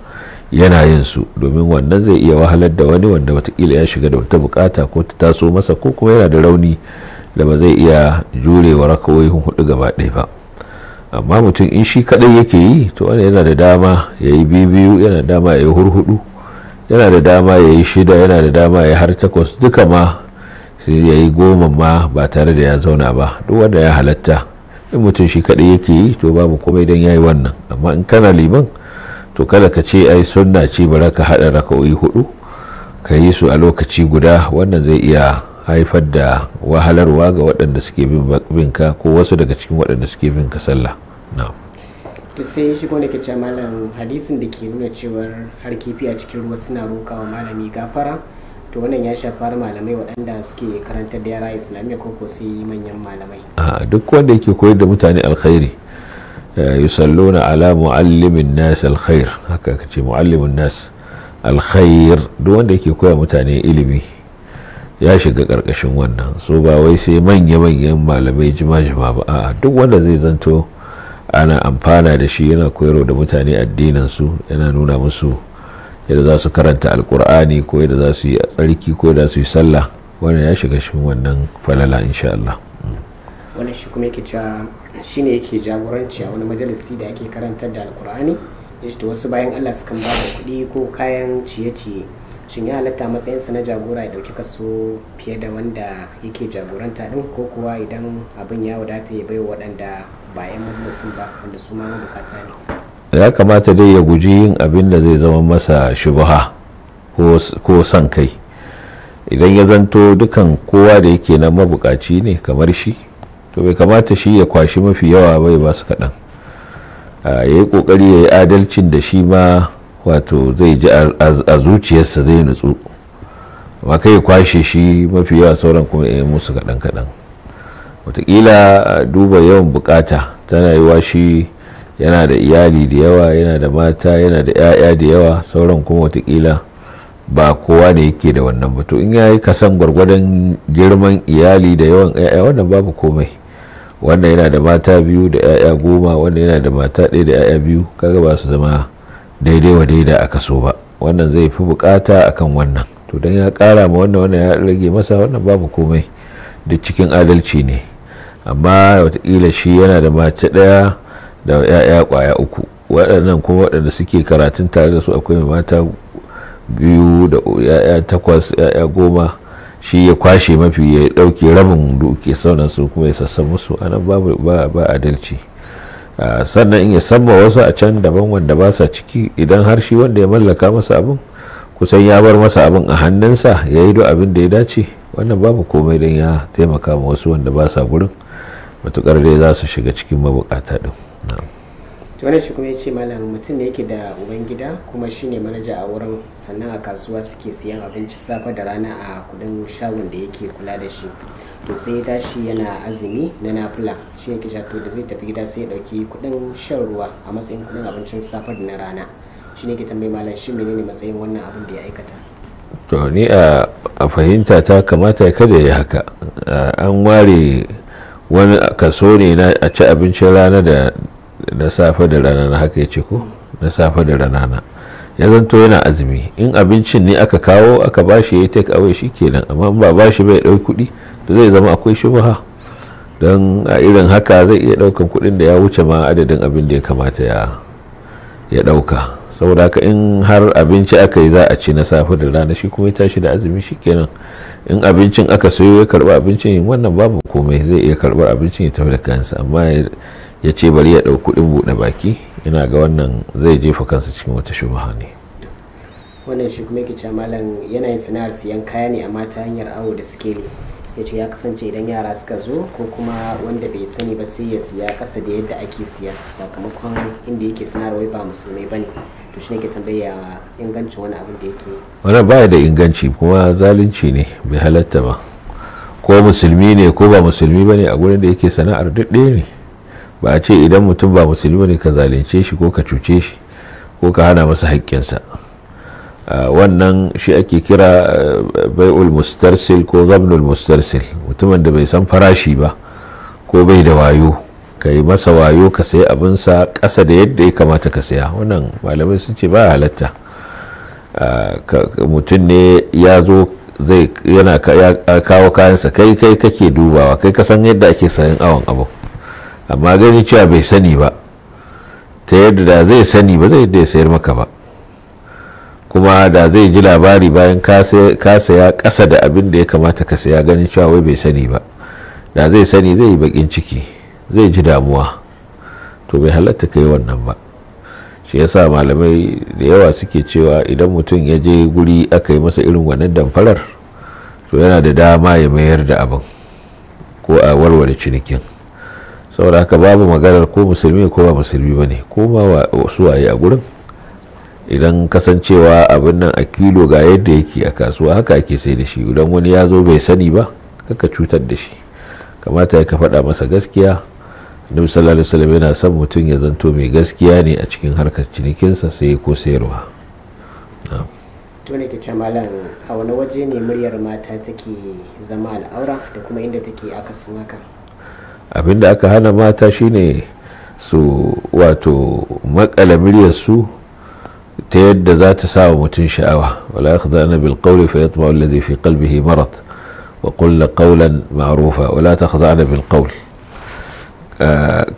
yana yin su domin wannan zai iya wahalar da wani wanda watakila ya shiga da wata bukata ko ta taso masa ko kuma yana da rauni da ba zai iya jurewa rakawoyin hudu gaba ɗaya ba amma mutum in shi kadai yake yi to wani yana da dama ya yi biyu yana da dama ya yi hurhudu yana da dama ya yi shida yana da dama ya yi har takwas duka ma sai ya yi goma ma ba tare da ya zauna ba duk wanda ya halatta in mutum shi kadai yake yi to babu komai don ya yi wannan amma in kana liman to kada ka ce ai sunna ce bara ka haɗa raka'o'i hudu ka yi su a lokaci guda wannan zai iya haifar da wahalarwa ga waɗanda suke bin ka ko wasu daga cikin waɗanda suke bin ka sallah na. to sai shigo da ke malam hadisin da ke nuna cewar har kifi a cikin ruwa suna rokawa malami gafara to wannan ya shafar malamai waɗanda suke karantar da yara islamiyya ko sai manyan malamai a duk wanda yake koyar da mutane alkhairi Eh, yusalluna ala muallimin nas alkhair haka kace muallimin nas alkhair duk wanda yake koya mutane ilimi ya shiga karkashin wannan so ba wai sai manya-manyan malamai jima-jima ba a'a duk wanda zai zanto ana amfana da shi yana koyarwa da mutane addinin su yana nuna musu yadda za su karanta alkur'ani ko yadda za su yi a tsarki ko yadda su yi sallah wannan ya shiga shi wannan falala insha Allah wannan shi kuma yake cewa shine yake jagoranci a wani majalisi da yake karantar da alkur'ani ya ce wasu bayan allah suka ba da kuɗi ko kayan ciye-ciye shin ya halatta matsayinsa na jagora ya ɗauki kaso fiye da wanda yake jagoranta ɗin ko kuwa idan abin ya wadata ya bai waɗanda ba 'yan majalisin ba wanda su ma bukata ne ya kamata dai ya guji yin abin da zai zama masa shubuha ko son kai idan ya zanto dukan kowa da yake na mabukaci ne kamar shi to bai kamata shi ya kwashi mafi yawa bai ba su kaɗan ya yi ƙoƙari ya yi adalcin da shi ma wato zai ji a zuciyarsa zai nutsu amma kai ya kwashe shi mafi yawa sauran kuma ya yi musu kaɗan kaɗan wataƙila duba yawan bukata tana wa shi yana da iyali da yawa yana da mata yana da 'ya'ya da yawa sauran kuma watakila ba kowa ne yake da wannan ba to in ya yi kasan gwargwadon girman iyali da yawan 'ya'ya wannan babu komai wannan yana da mata biyu da 'ya'ya goma wannan yana da mata ɗaya da 'ya'ya biyu kaga ba su zama daidai wa daida a kaso ba wannan zai fi bukata akan wannan to don ya kara ma wannan wannan ya rage masa wannan babu komai duk cikin adalci ne amma watakila shi yana da mace ɗaya da 'ya'ya kwaya uku waɗannan kuma waɗanda suke karatun tare da su akwai mata biyu da 'ya'ya takwas 'ya'ya goma shi ya kwashe mafi ya dauke rabin duke sauran su kuma ya sassa musu anan ba adalci sannan in ya sabba wasu a can daban wanda ba sa ciki idan har shi wanda ya mallaka masa abin kusan ya bar masa abin a hannunsa ya yi do abin da ya dace wannan babu komai don ya taimaka ma wasu wanda ba sa gurin matukar dai za su shiga cikin mabukata din na'am ta wannan shi kuma ya ce malam mutum ne yake da uban gida kuma shi ne manaja a wurin sannan a kasuwa suke siyan abinci safe da rana a kudin shagon da yake kula da shi to sai ya tashi yana azumi na nafula shi yake to da zai tafi gida sai ya dauki kudin shan ruwa a matsayin kudin abincin safe da na rana shi ne ke tambayi malam shi menene matsayin wannan abin da ya aikata to ni a fahimta ta kamata kada ya haka an ware wani kaso ne na a ci abincin rana da na safe da rana na haka ya ce ko na safe da rana na ya zanto yana azumi in abincin ne aka kawo aka ba shi ya take away shi kenan amma ba ba shi bai ɗauki kuɗi to zai zama akwai shubha don a irin haka zai iya ɗaukan kuɗin da ya wuce ma adadin abin da ya kamata ya ya ɗauka saboda haka in har abinci aka yi za a ci na safe da rana shi kuma ya tashi da azumi shi kenan in abincin aka sayo ya karɓi abincin wannan babu komai zai iya karɓar abincin ya tafi da kansa amma ya ce bari ya ɗau kuɗin buɗe baki ina ga wannan zai jefa kansa cikin wata shubaha ne wannan shi kuma yake ce malam yin sana'ar siyan kaya ne amma ta hanyar awo da suke ne ya ce ya kasance idan yara suka zo ko kuma wanda bai sani ba sai ya siya kasa da yadda ake siya sakamakon inda yake sana'ar wai ba musulmai ba ne to shi ne ke tambaya ingancin wani abin da yake wani baya da inganci kuma zalunci ne bai halatta ba ko musulmi ne ko ba musulmi ba ne a gurin da yake sana'ar duk ɗaya ne ba a ce idan mutum ba musulmi ne ka zalunce shi ko ka cuce shi ko ka hana masa haƙƙinsa wannan shi ake kira eh, bai'ul mustarsil ko zamnul mustarsil mutumin da bai san farashi ba ko bai da wayo ka yi masa wayo ka sayi abinsa ƙasa da yadda ya kamata ka saya wannan malamai sun ce ba halatta mutum ne ya zo zai yana kawo kayansa kai kai kake dubawa kai ka san yadda ake sayan awon abu amma gani cewa bai sani ba ta yadda da zai sani ba zai da ya sayar maka ba kuma da zai ji labari bayan ka saya ƙasa da abin da ya kamata ka saya gani cewa wai bai sani ba da zai sani zai yi bakin ciki zai ji damuwa to bai halatta ka wannan ba shi yasa malamai da yawa suke cewa idan mutum ya je guri aka yi masa irin wannan damfarar to yana da dama ya mayar da abin ko a warware cinikin saboda haka babu maganar ko musulmi ko ba musulmi ba ne ko ba wasu a gurin idan kasancewa abin nan a kilo ga yadda yake a kasuwa haka ake sai da shi idan wani ya zo bai sani ba haka cutar da shi kamata ya ka faɗa masa gaskiya annabi sallallahu alaihi yana son mutum ya zanto mai gaskiya ne a cikin harkar cinikinsa sai ko sayarwa to ne a wani waje ne muryar mata take zama al'aura da kuma inda take akasin haka abinda aka hana mata shine su wato makala su ta yadda za ta sa mutum sha'awa wala yakhda'na bil qawli fa yatma alladhi fi qalbihi marad wa qulna qawlan ma'rufa wala takhda'na bil qawl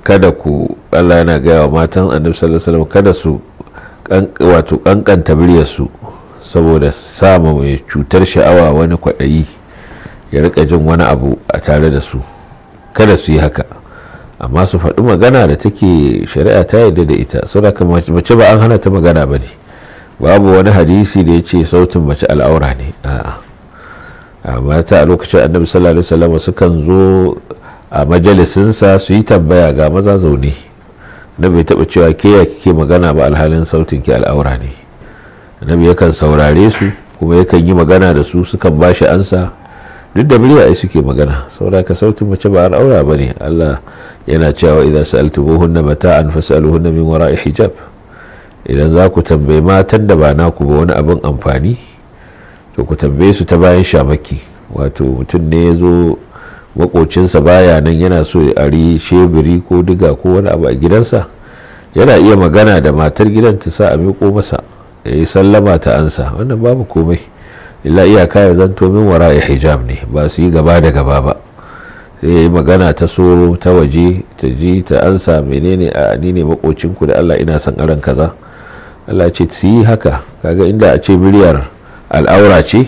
kada ku Allah yana gaya wa matan annabi sallallahu alaihi kada su wato kankanta su saboda sama mai cutar sha'awa wani kwaɗayi ya rika jin wani abu a tare da su kada su yi haka amma su faɗi magana da take shari'a ta yarda da ita suna mace ba an hana ta magana ba ne babu wani hadisi da ya ce sautin mace al'aura ne a'a mata a lokacin annabi sallallahu alaihi wasallam sukan zo a majalisinsa su yi tambaya ga maza zaune na bai taɓa cewa ke ya kike magana ba alhalin sautin ki al'aura ne annabi yakan saurare su kuma yakan yi magana da su sukan ba shi ansa duk da murya ai suke magana saboda ka sautin mace ba an ba bane Allah yana cewa idan sa'altumuhunna mata'an fas'aluhunna min wara'i hijab idan za ku tambayi matan da ba naku ba wani abin amfani to ku tambaye su ta bayan shamaki wato mutum ne ya zo makocinsa baya nan yana so ya ari shebiri ko diga ko wani abu a gidansa yana iya magana da matar gidan ta sa a miƙo masa ya yi sallama ta ansa wannan babu komai illa iyaka ya zanto min wara'i hijab ne ba su yi gaba da gaba ba sai ya yi magana ta so ta waje ta ji ta ansa menene a ni ne makocinku da allah ina son aran kaza allah ce su yi haka kaga inda a ce miliyar al'aura ce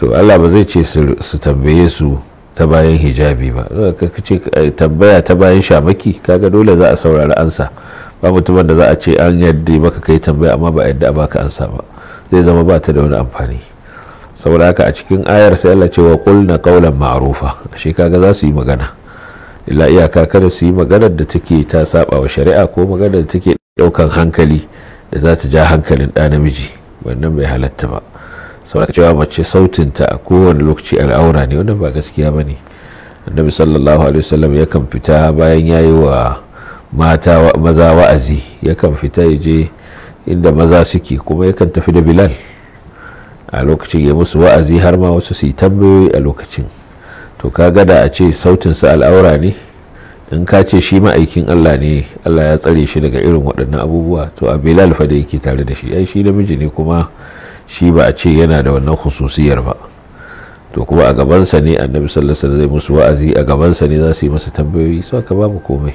to allah ba zai ce su tambaye su ta bayan hijabi ba ka ce tambaya ta bayan shamaki kaga dole za a saurari ansa ba mutumin da za a ce an yadda maka kai tambaya amma ba yadda baka ansa ba zai zama ba ta da wani amfani saboda haka a cikin ayar sai Allah wa qulna qawlan ma'rufa shi kaga za su yi magana illa iyaka kada su yi maganar da take ta saba wa shari'a ko magana da take daukan hankali da za ta ja hankalin ɗa namiji wannan bai halatta ba saboda cewa mace ta a kowane lokaci al'aura ne wannan ba gaskiya ba ne annabi sallallahu alaihi wasallam yakan fita bayan yayi wa mata maza wa'azi yakan fita ya je inda maza suke kuma yakan tafi da bilal a lokacin ya musu wa'azi har ma wasu su tambayoyi a lokacin to ka gada a ce sautin sautinsa al'aura ne in ka ce shi ma'aikin Allah ne Allah ya tsare shi daga irin waɗannan abubuwa to a Bilal fa da yake tare da shi ai shi namiji ne kuma shi ba a ce yana da wannan khususiyar ba to kuma a gabansa ne annabi sallallahu alaihi wasallam zai musu wa'azi a gabansa ne za su yi masa tambayoyi so ka babu komai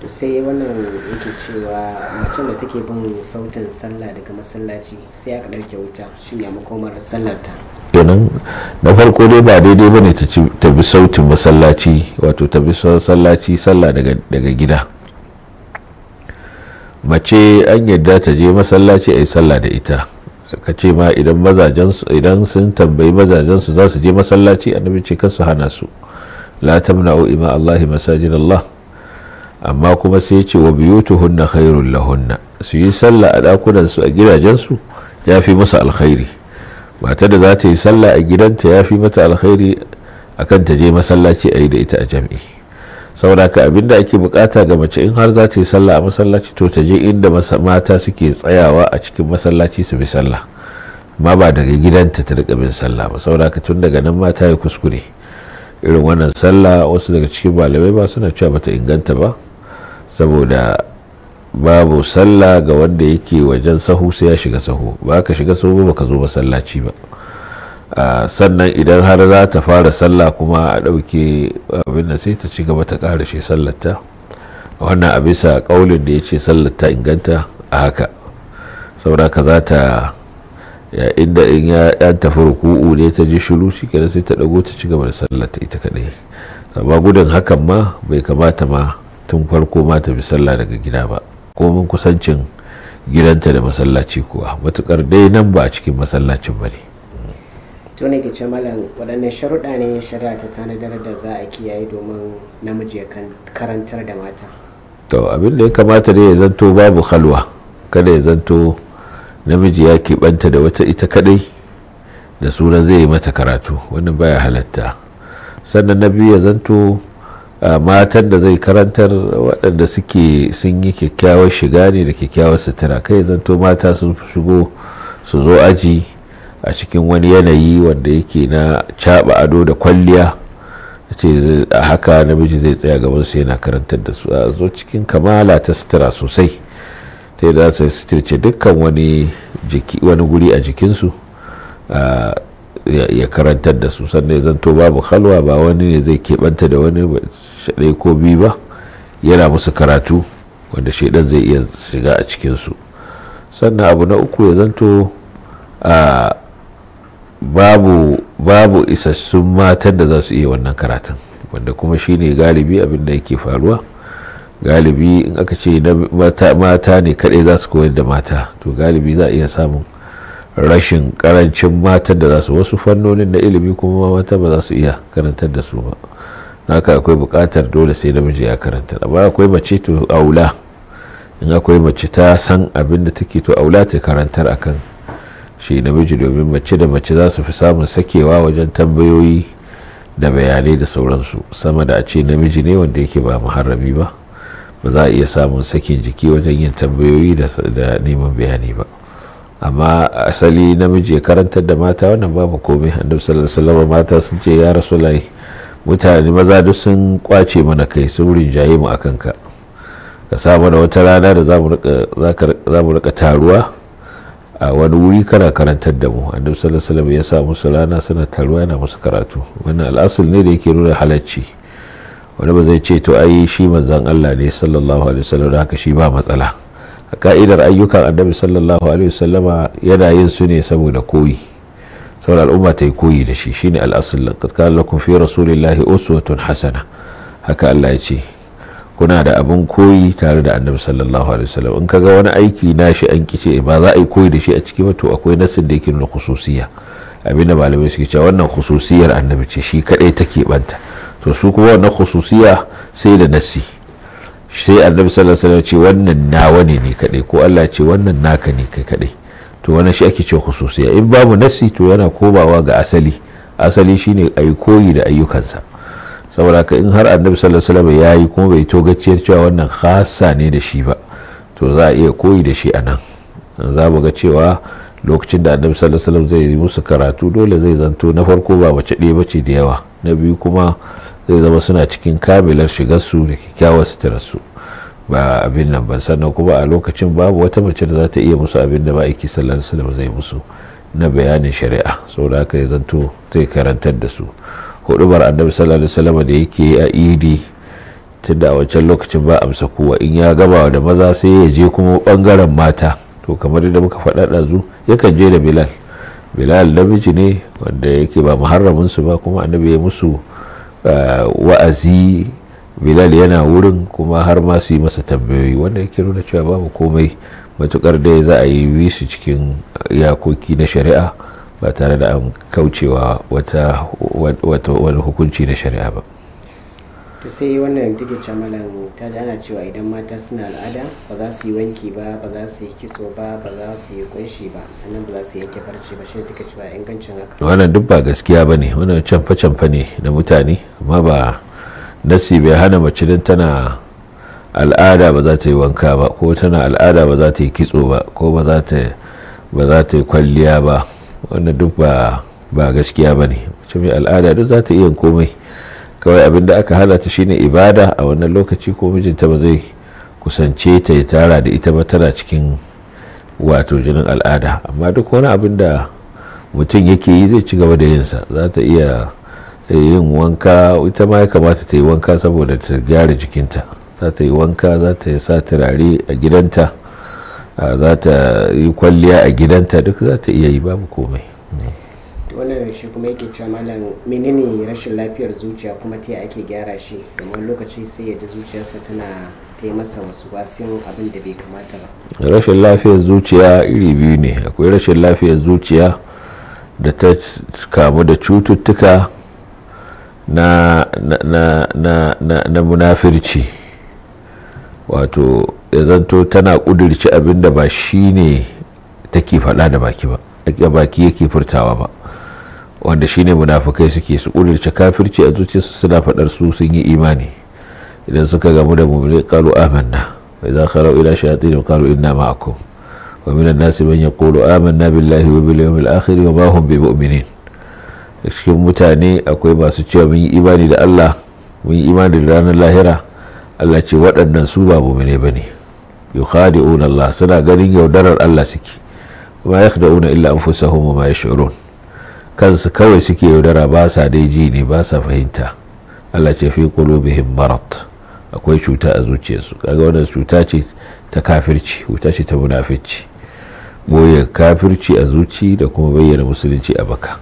to sai wannan yake cewa macen da take bin sautin sallah daga masallaci sai aka ɗauke wuta shi ne makomar sallar ta na farko dai ba daidai ba ne ta bi sautin masallaci wato ta bi sallaci sallah daga gida mace an yadda ta je masallaci a yi sallah da ita ka ce ma idan sun tambayi mazajen su za su je masallaci annabi ce kan su hana su la tamna'u ima allahi masajid allah amma kuma sai ya ce wa biyutuhunna khairul lahunna su yi sallah a dakunan a gidajensu ya fi musu alkhairi mata da za ta yi sallah a gidanta ya fi mata alkhairi akan ta je masallaci a yi da ita a jam'i saboda ka da ake bukata ga mace in har za ta yi sallah a masallaci to ta je inda mata suke tsayawa a cikin masallaci su bi sallah ma ba daga gidanta ta rika bin sallah ba saboda ka tun daga nan mata ya kuskure irin wannan sallah wasu daga cikin malamai ba suna cewa bata inganta ba saboda babu sallah ga wanda yake wajen sahu sai ya shiga sahu ba ka shiga sahu ba ka zo masallaci ba sannan idan har za ta fara sallah kuma a ɗauke abin da sai ta ci gaba ta ƙara shi sallata wannan a bisa ƙaulin da ya ce sallata inganta a haka saura za ta ya inda in ya tafi ruku'u ne ta ji shiru shi kenan sai ta ɗago ta ci gaba da sallata ita kaɗai amma gudun hakan ma bai kamata ma tun farko ma ta bi sallah daga gida ba komin kusancin gidanta da masallaci kuwa matukar dai nan ba a cikin masallacin ba ne to ne ke malam waɗanne sharuɗa ne shari'a ta tanadar da za a kiyaye domin namiji ya karantar da mata to abin da ya kamata ne ya zanto babu halwa kada ya zanto namiji ya keɓanta da wata ita kadai da sunan zai yi mata karatu wannan baya halatta sannan na biyu ya zanto Ah, matan da zai karantar waɗanda suke sun yi kyakkyawar shiga ne da kyakkyawar sutura kai zanto mata sun shigo su zo aji a cikin wani yanayi wanda yake na caɓa ado da kwalliya ce a haka namiji zai tsaya gaban su yana karantar da su a zo cikin kamala ta sutura sosai ta yi za su sutura dukkan wani guri a jikinsu ah, ya karantar da su sannan zan zanto babu halwa ba wani ne zai keɓanta da wani shaɗai ko biyu ba yana musu karatu wanda shaidan zai iya shiga a cikinsu sannan abu na uku ya zanto a babu isassun matan da za su iya wannan karatun wanda kuma shi ne galibi abin da yake faruwa galibi in aka ce mata ne kaɗai za su koyar da mata to galibi za a iya samun rashin karancin matan da za su wasu fannonin na ilimi kuma mata ba za su iya karantar da su ba haka akwai buƙatar dole sai namiji ya karanta amma akwai mace to aula in akwai mace ta san abin da take to aula ta karantar akan shi namiji domin mace da mace za su fi samun sakewa wajen tambayoyi da bayanai da sauransu sama da a ce namiji ne wanda yake ba muharrami ba ba za a iya samun sakin jiki wajen yin tambayoyi da neman bayani ba amma asali namiji ya karantar da mata wannan babu komai annabi sallallahu mata sun ce ya rasu layi. mutane maza duk sun kwace mana kai sun rinjaye mu akan ka ka sa mana wata rana da za mu rika taruwa a wani wuri kana karantar da mu annabi sallallahu alaihi ya sa musu rana suna taruwa yana musu karatu wannan al'asul ne da yake nuna halacci wani ba zai ce to ai shi manzon Allah ne sallallahu alaihi wasallam da haka shi ba matsala a ka'idar ayyukan annabi sallallahu alaihi wasallama yana yin su ne saboda koyi saboda al'umma ta yi koyi da shi shine al'asul laqad kana lakum fi rasulillahi uswatun hasana haka Allah ya ce kuna da abin koyi tare da annabi sallallahu alaihi wasallam in kaga wani aiki nashi an kice ba za a yi koyi da shi a ciki ba to akwai nasin da yake nuna khususiyya abinda malamai suke cewa wannan khususiyar annabi ce shi kadai take banta to su kuma wannan kususiya sai da nasi sai annabi sallallahu alaihi wasallam ce wannan nawa ne ni kadai ko Allah ce wannan naka ne kai kadai to wani shi ake cewa khususiya in babu nasi to yana kobawa ga asali asali shine yi koyi da ayyukansa saboda ka in har annabi sallallahu alaihi wasallam yayi kuma bai to cewa wannan khassa ne da shi ba to za a iya koyi da shi a nan za mu ga cewa lokacin da annabi sallallahu alaihi zai yi musu karatu dole zai zanto na farko ba mace ɗaya bace da yawa na biyu kuma zai zama suna cikin kamilar shigar su da kyakkyawar suturarsu ba abin nan ban sannan kuma a lokacin babu wata mace da za ta iya musu abin da ma'aiki da ba zai musu na bayanin shari'a da haka ya zanto zai karantar da su hudu bar annabi sallallahu alaihi wasallam da yake a idi tunda a wancan lokacin ba amsa kowa in ya gama da maza sai ya je kuma bangaren mata to kamar yadda muka faɗa ɗazu yakan je da bilal bilal namiji ne wanda yake ba muharramin su ba kuma annabi ya musu ah, wa'azi bilal yana wurin kuma har ma su yi masa tambayoyi wanda yake nuna cewa babu komai matukar dai za a yi wisu cikin iyakoki na shari'a ba tare da an kaucewa wata wani hukunci na shari'a ba to sai wannan take camalan ta ana cewa idan mata suna al'ada ba za su yi wanki ba ba za su yi kitso ba ba za su yi kunshi ba sannan ba za su yanke farce ba shine take cewa ingancin haka wannan duk ba gaskiya ba ne wannan canfa canfa ne na mutane amma ba nasi bai hana mace din tana al'ada ba za ta yi wanka ba ko tana al'ada ba za ta yi kitso ba ko ba za ta yi kwalliya ba wannan duk ba ba gaskiya ba ne mace mai al'ada duk za ta iya komai kawai abin da aka hana ta shine ibada a wannan lokaci ko mijinta ba zai kusance ta yi tara da ita ba tana cikin wato jinin al'ada amma duk wani abin da mutum yake yi zai ci gaba da yinsa za ta iya yin wanka ita ma ya kamata ta yi wanka saboda ta gyara jikinta za ta yi wanka za ta sa turare a gidanta za ta yi kwalliya a gidanta duk za ta iya yi babu komai wannan shi kuma yake cewa malam menene rashin lafiyar zuciya kuma ta ake gyara shi kamar lokaci sai yadda zuciyarsa tana ta yi masa wasu wasin abin da bai kamata ba rashin lafiyar zuciya iri biyu ne akwai rashin lafiyar zuciya da ta kamu da cututtuka na na na na, na munafirci wato ya zanto tana kudurci abinda ba shi ne take faɗa da baki ba baki yake furtawa ba wanda shi ne munafukai suke su kudurci kafirci a zuciyarsu suna faɗar su sun yi imani idan suka gamu da mummuni kalu amanna bai za ka ila shayatin kalu inna ma'akum wa minan nasi man yaqulu amanna billahi wa bil yawmil akhir wa ma hum bi mu'minin cikin mutane akwai masu cewa mun yi imani da Allah mun yi imani da ranar lahira Allah ce waɗannan su ba mumine ba ne yukhadi'una Allah suna ganin yaudarar Allah suke ma yakhda'una illa anfusahum wa ma yash'urun kansu kawai suke yaudara ba sa dai ji ne ba sa fahimta Allah ce fi qulubihim marad akwai cuta a zuciyarsu kaga wannan cuta ce ta kafirci cuta ce ta munafici goyen kafirci a zuci da kuma bayyana musulunci a baka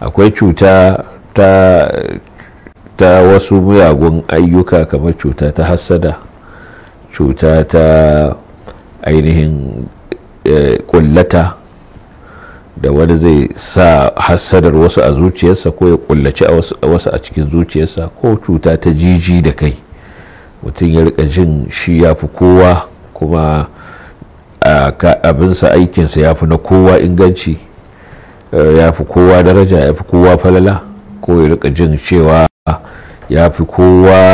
akwai cuta ta ta wasu miyagun ayyuka kamar cuta ta hassada cuta ta ainihin kullata eh, da wani zai sa hassadar wasu a zuciyarsa ko ya kullaci a wasu a cikin zuciyarsa ko cuta ta jiji da kai mutum ya rika jin shi ya fi kowa kuma ah, abinsa aikinsa ya fi na kowa inganci Eh, ya fi kowa daraja ya fi kowa falala ko ya rika jin cewa ya fi kowa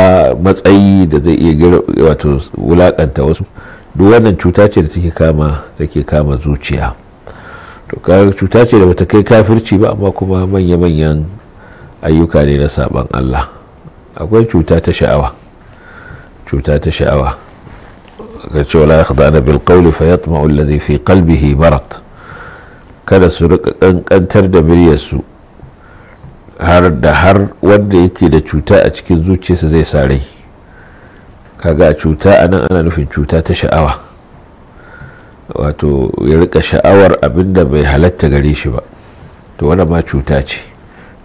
matsayi da zai iya wato wulakanta wasu duk wannan cuta ce da take kama take kama zuciya to cuta ce da bata kai kafirci ba amma kuma manya-manyan ayyuka ne na saban Allah akwai cuta ta sha'awa cuta ta sha'awa ga ce la yakhdana bil qawli fa alladhi fi qalbihi marad kada su rika kankantar da muryarsu har da har wanda yake da cuta a cikin zuciyarsa zai sa rai kaga cuta a nan ana nufin cuta ta sha'awa wato ya rika sha'awar abinda bai halatta gare shi ba to wannan ma cuta ce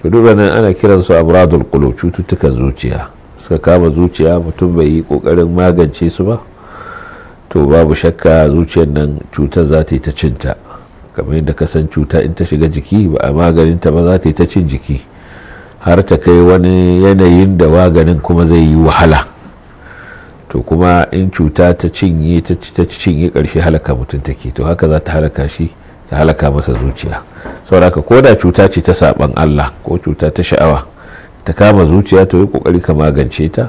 to duba nan ana kiransu amradul kulo cututtukan zuciya suka kama zuciya mutum bai yi kokarin magance su ba to babu shakka zuciyar nan cutar za ta yi ta cinta kamar yadda kasan cuta in ta shiga jiki ba a maganinta ba za ta yi ta cin jiki har ta kai wani yanayin da maganin kuma zai yi wahala to kuma in cuta ta cinye ta cinye karshe halaka mutum take to haka za ta halaka shi ta halaka masa zuciya sauraka ko da cuta ce ta saban Allah ko cuta ta sha'awa ta kama zuciya to yi kokari ka magance ta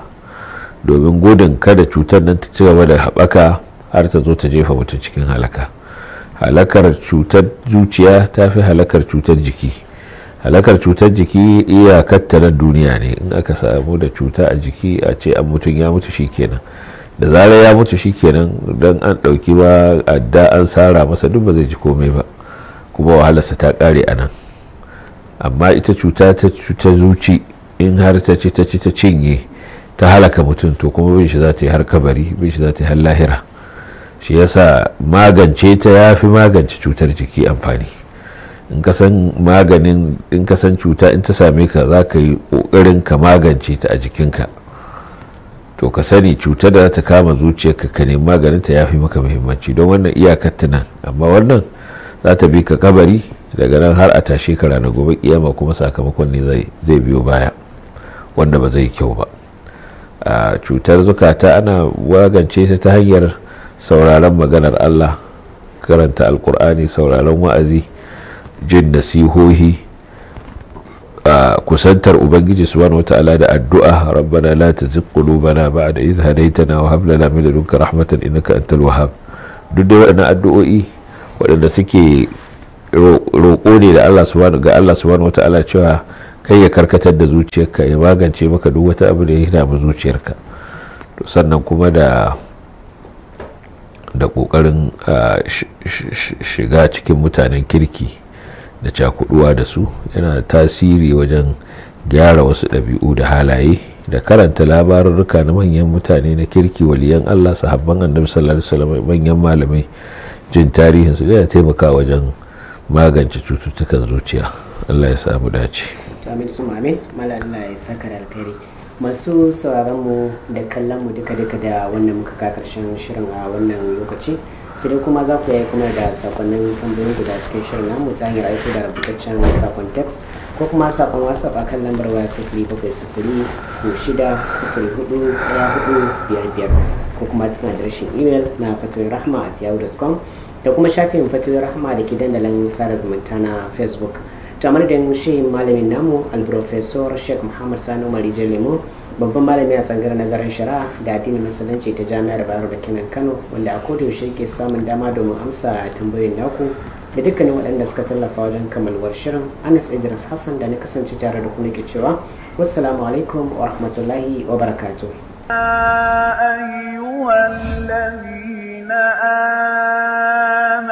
domin gudun kada cutar nan ta ci gaba da haɓaka har ta zo ta jefa mutum cikin halaka halakar cutar zuciya ta fi halakar cutar jiki halakar cutar jiki iyakarta na duniya ne in aka samu da cuta a jiki a ce an mutum ya mutu shi kenan da zarar ya mutu shi kenan don an ɗauki ba adda an sara masa duk ba zai ji komai ba kuma wahalarsa ta kare a nan amma ita cuta ta cuta zuci in har ta ci ta ci ta cinye ta halaka mutum to kuma bin shi za ta yi har kabari bin shi za ta yi har lahira shi yasa magance ta ya fi magance cutar jiki amfani in ka san maganin in ka san cuta in ta same ka za ka yi ƙoƙarin ka magance ta a jikinka to ka sani cuta da ta kama zuciyarka ka nemi maganin ta ya fi maka muhimmanci don wannan iyakar ta nan amma wannan za ta bi ka kabari daga nan har a tashe ka ranar gobe kiyama kuma sakamakon ne zai biyo baya wanda ba zai kyau ba ah, cutar zukata ana magance ta hanyar sauraron maganar Allah karanta alkur'ani sauraron wa'azi jin nasihohi a kusantar ubangiji subhanahu wata'ala da addu'a rabbana la tuzigh qulubana ba'da idh hadaytana wa hab lana min ladunka rahmatan innaka antal wahhab duk da waɗannan addu'o'i waɗanda suke roƙo ne da Allah subhanahu ga Allah subhanahu wata'ala cewa kai ya karkatar da zuciyarka ya magance maka duk wata abu da ya hina zuciyarka sannan kuma da da kokarin shiga cikin mutanen kirki da cakuduwa da su yana da tasiri wajen gyara wasu ɗabi'u da halaye da karanta labarurruka na manyan mutane na kirki waliyan allah sahabban annabi sallallahu alaihi wasallam manyan malamai jin tarihin su yana taimaka wajen magance cututtukan zuciya allah ya samu dace masu mu da kallon mu duka duka da wannan muka ka karshen shirin a wannan lokaci sai dai kuma za ku yi kuma da sakonnin tambayoyin guda cikin shirin namu ta hanyar aiki da rubutaccen sakon text ko kuma sakon whatsapp a kan lambar waya sifiri bakwai sifiri ko shida sifiri hudu daya hudu biyar biyar ko kuma cikin adireshin email na fatoyin rahama a yahoo.com da kuma shafin fatoyin rahama da ke dandalin sada zumunta na facebook tamar da shi malamin namu alprofesor sheikh muhammad sani umar lemo babban malami a tsangar nazarin shari'a da addinin musulunci ta jami'ar bayero da kenan kano wanda a yaushe ke samun dama domin amsa tambayoyin naku da dukkanin waɗanda suka tallafa wajen kammaluwar shirin anas idris hassan da na kasance tare da ku ke cewa wassalamu alaikum wa rahmatullahi wa barakatuh ayyuhal ladina آمنوا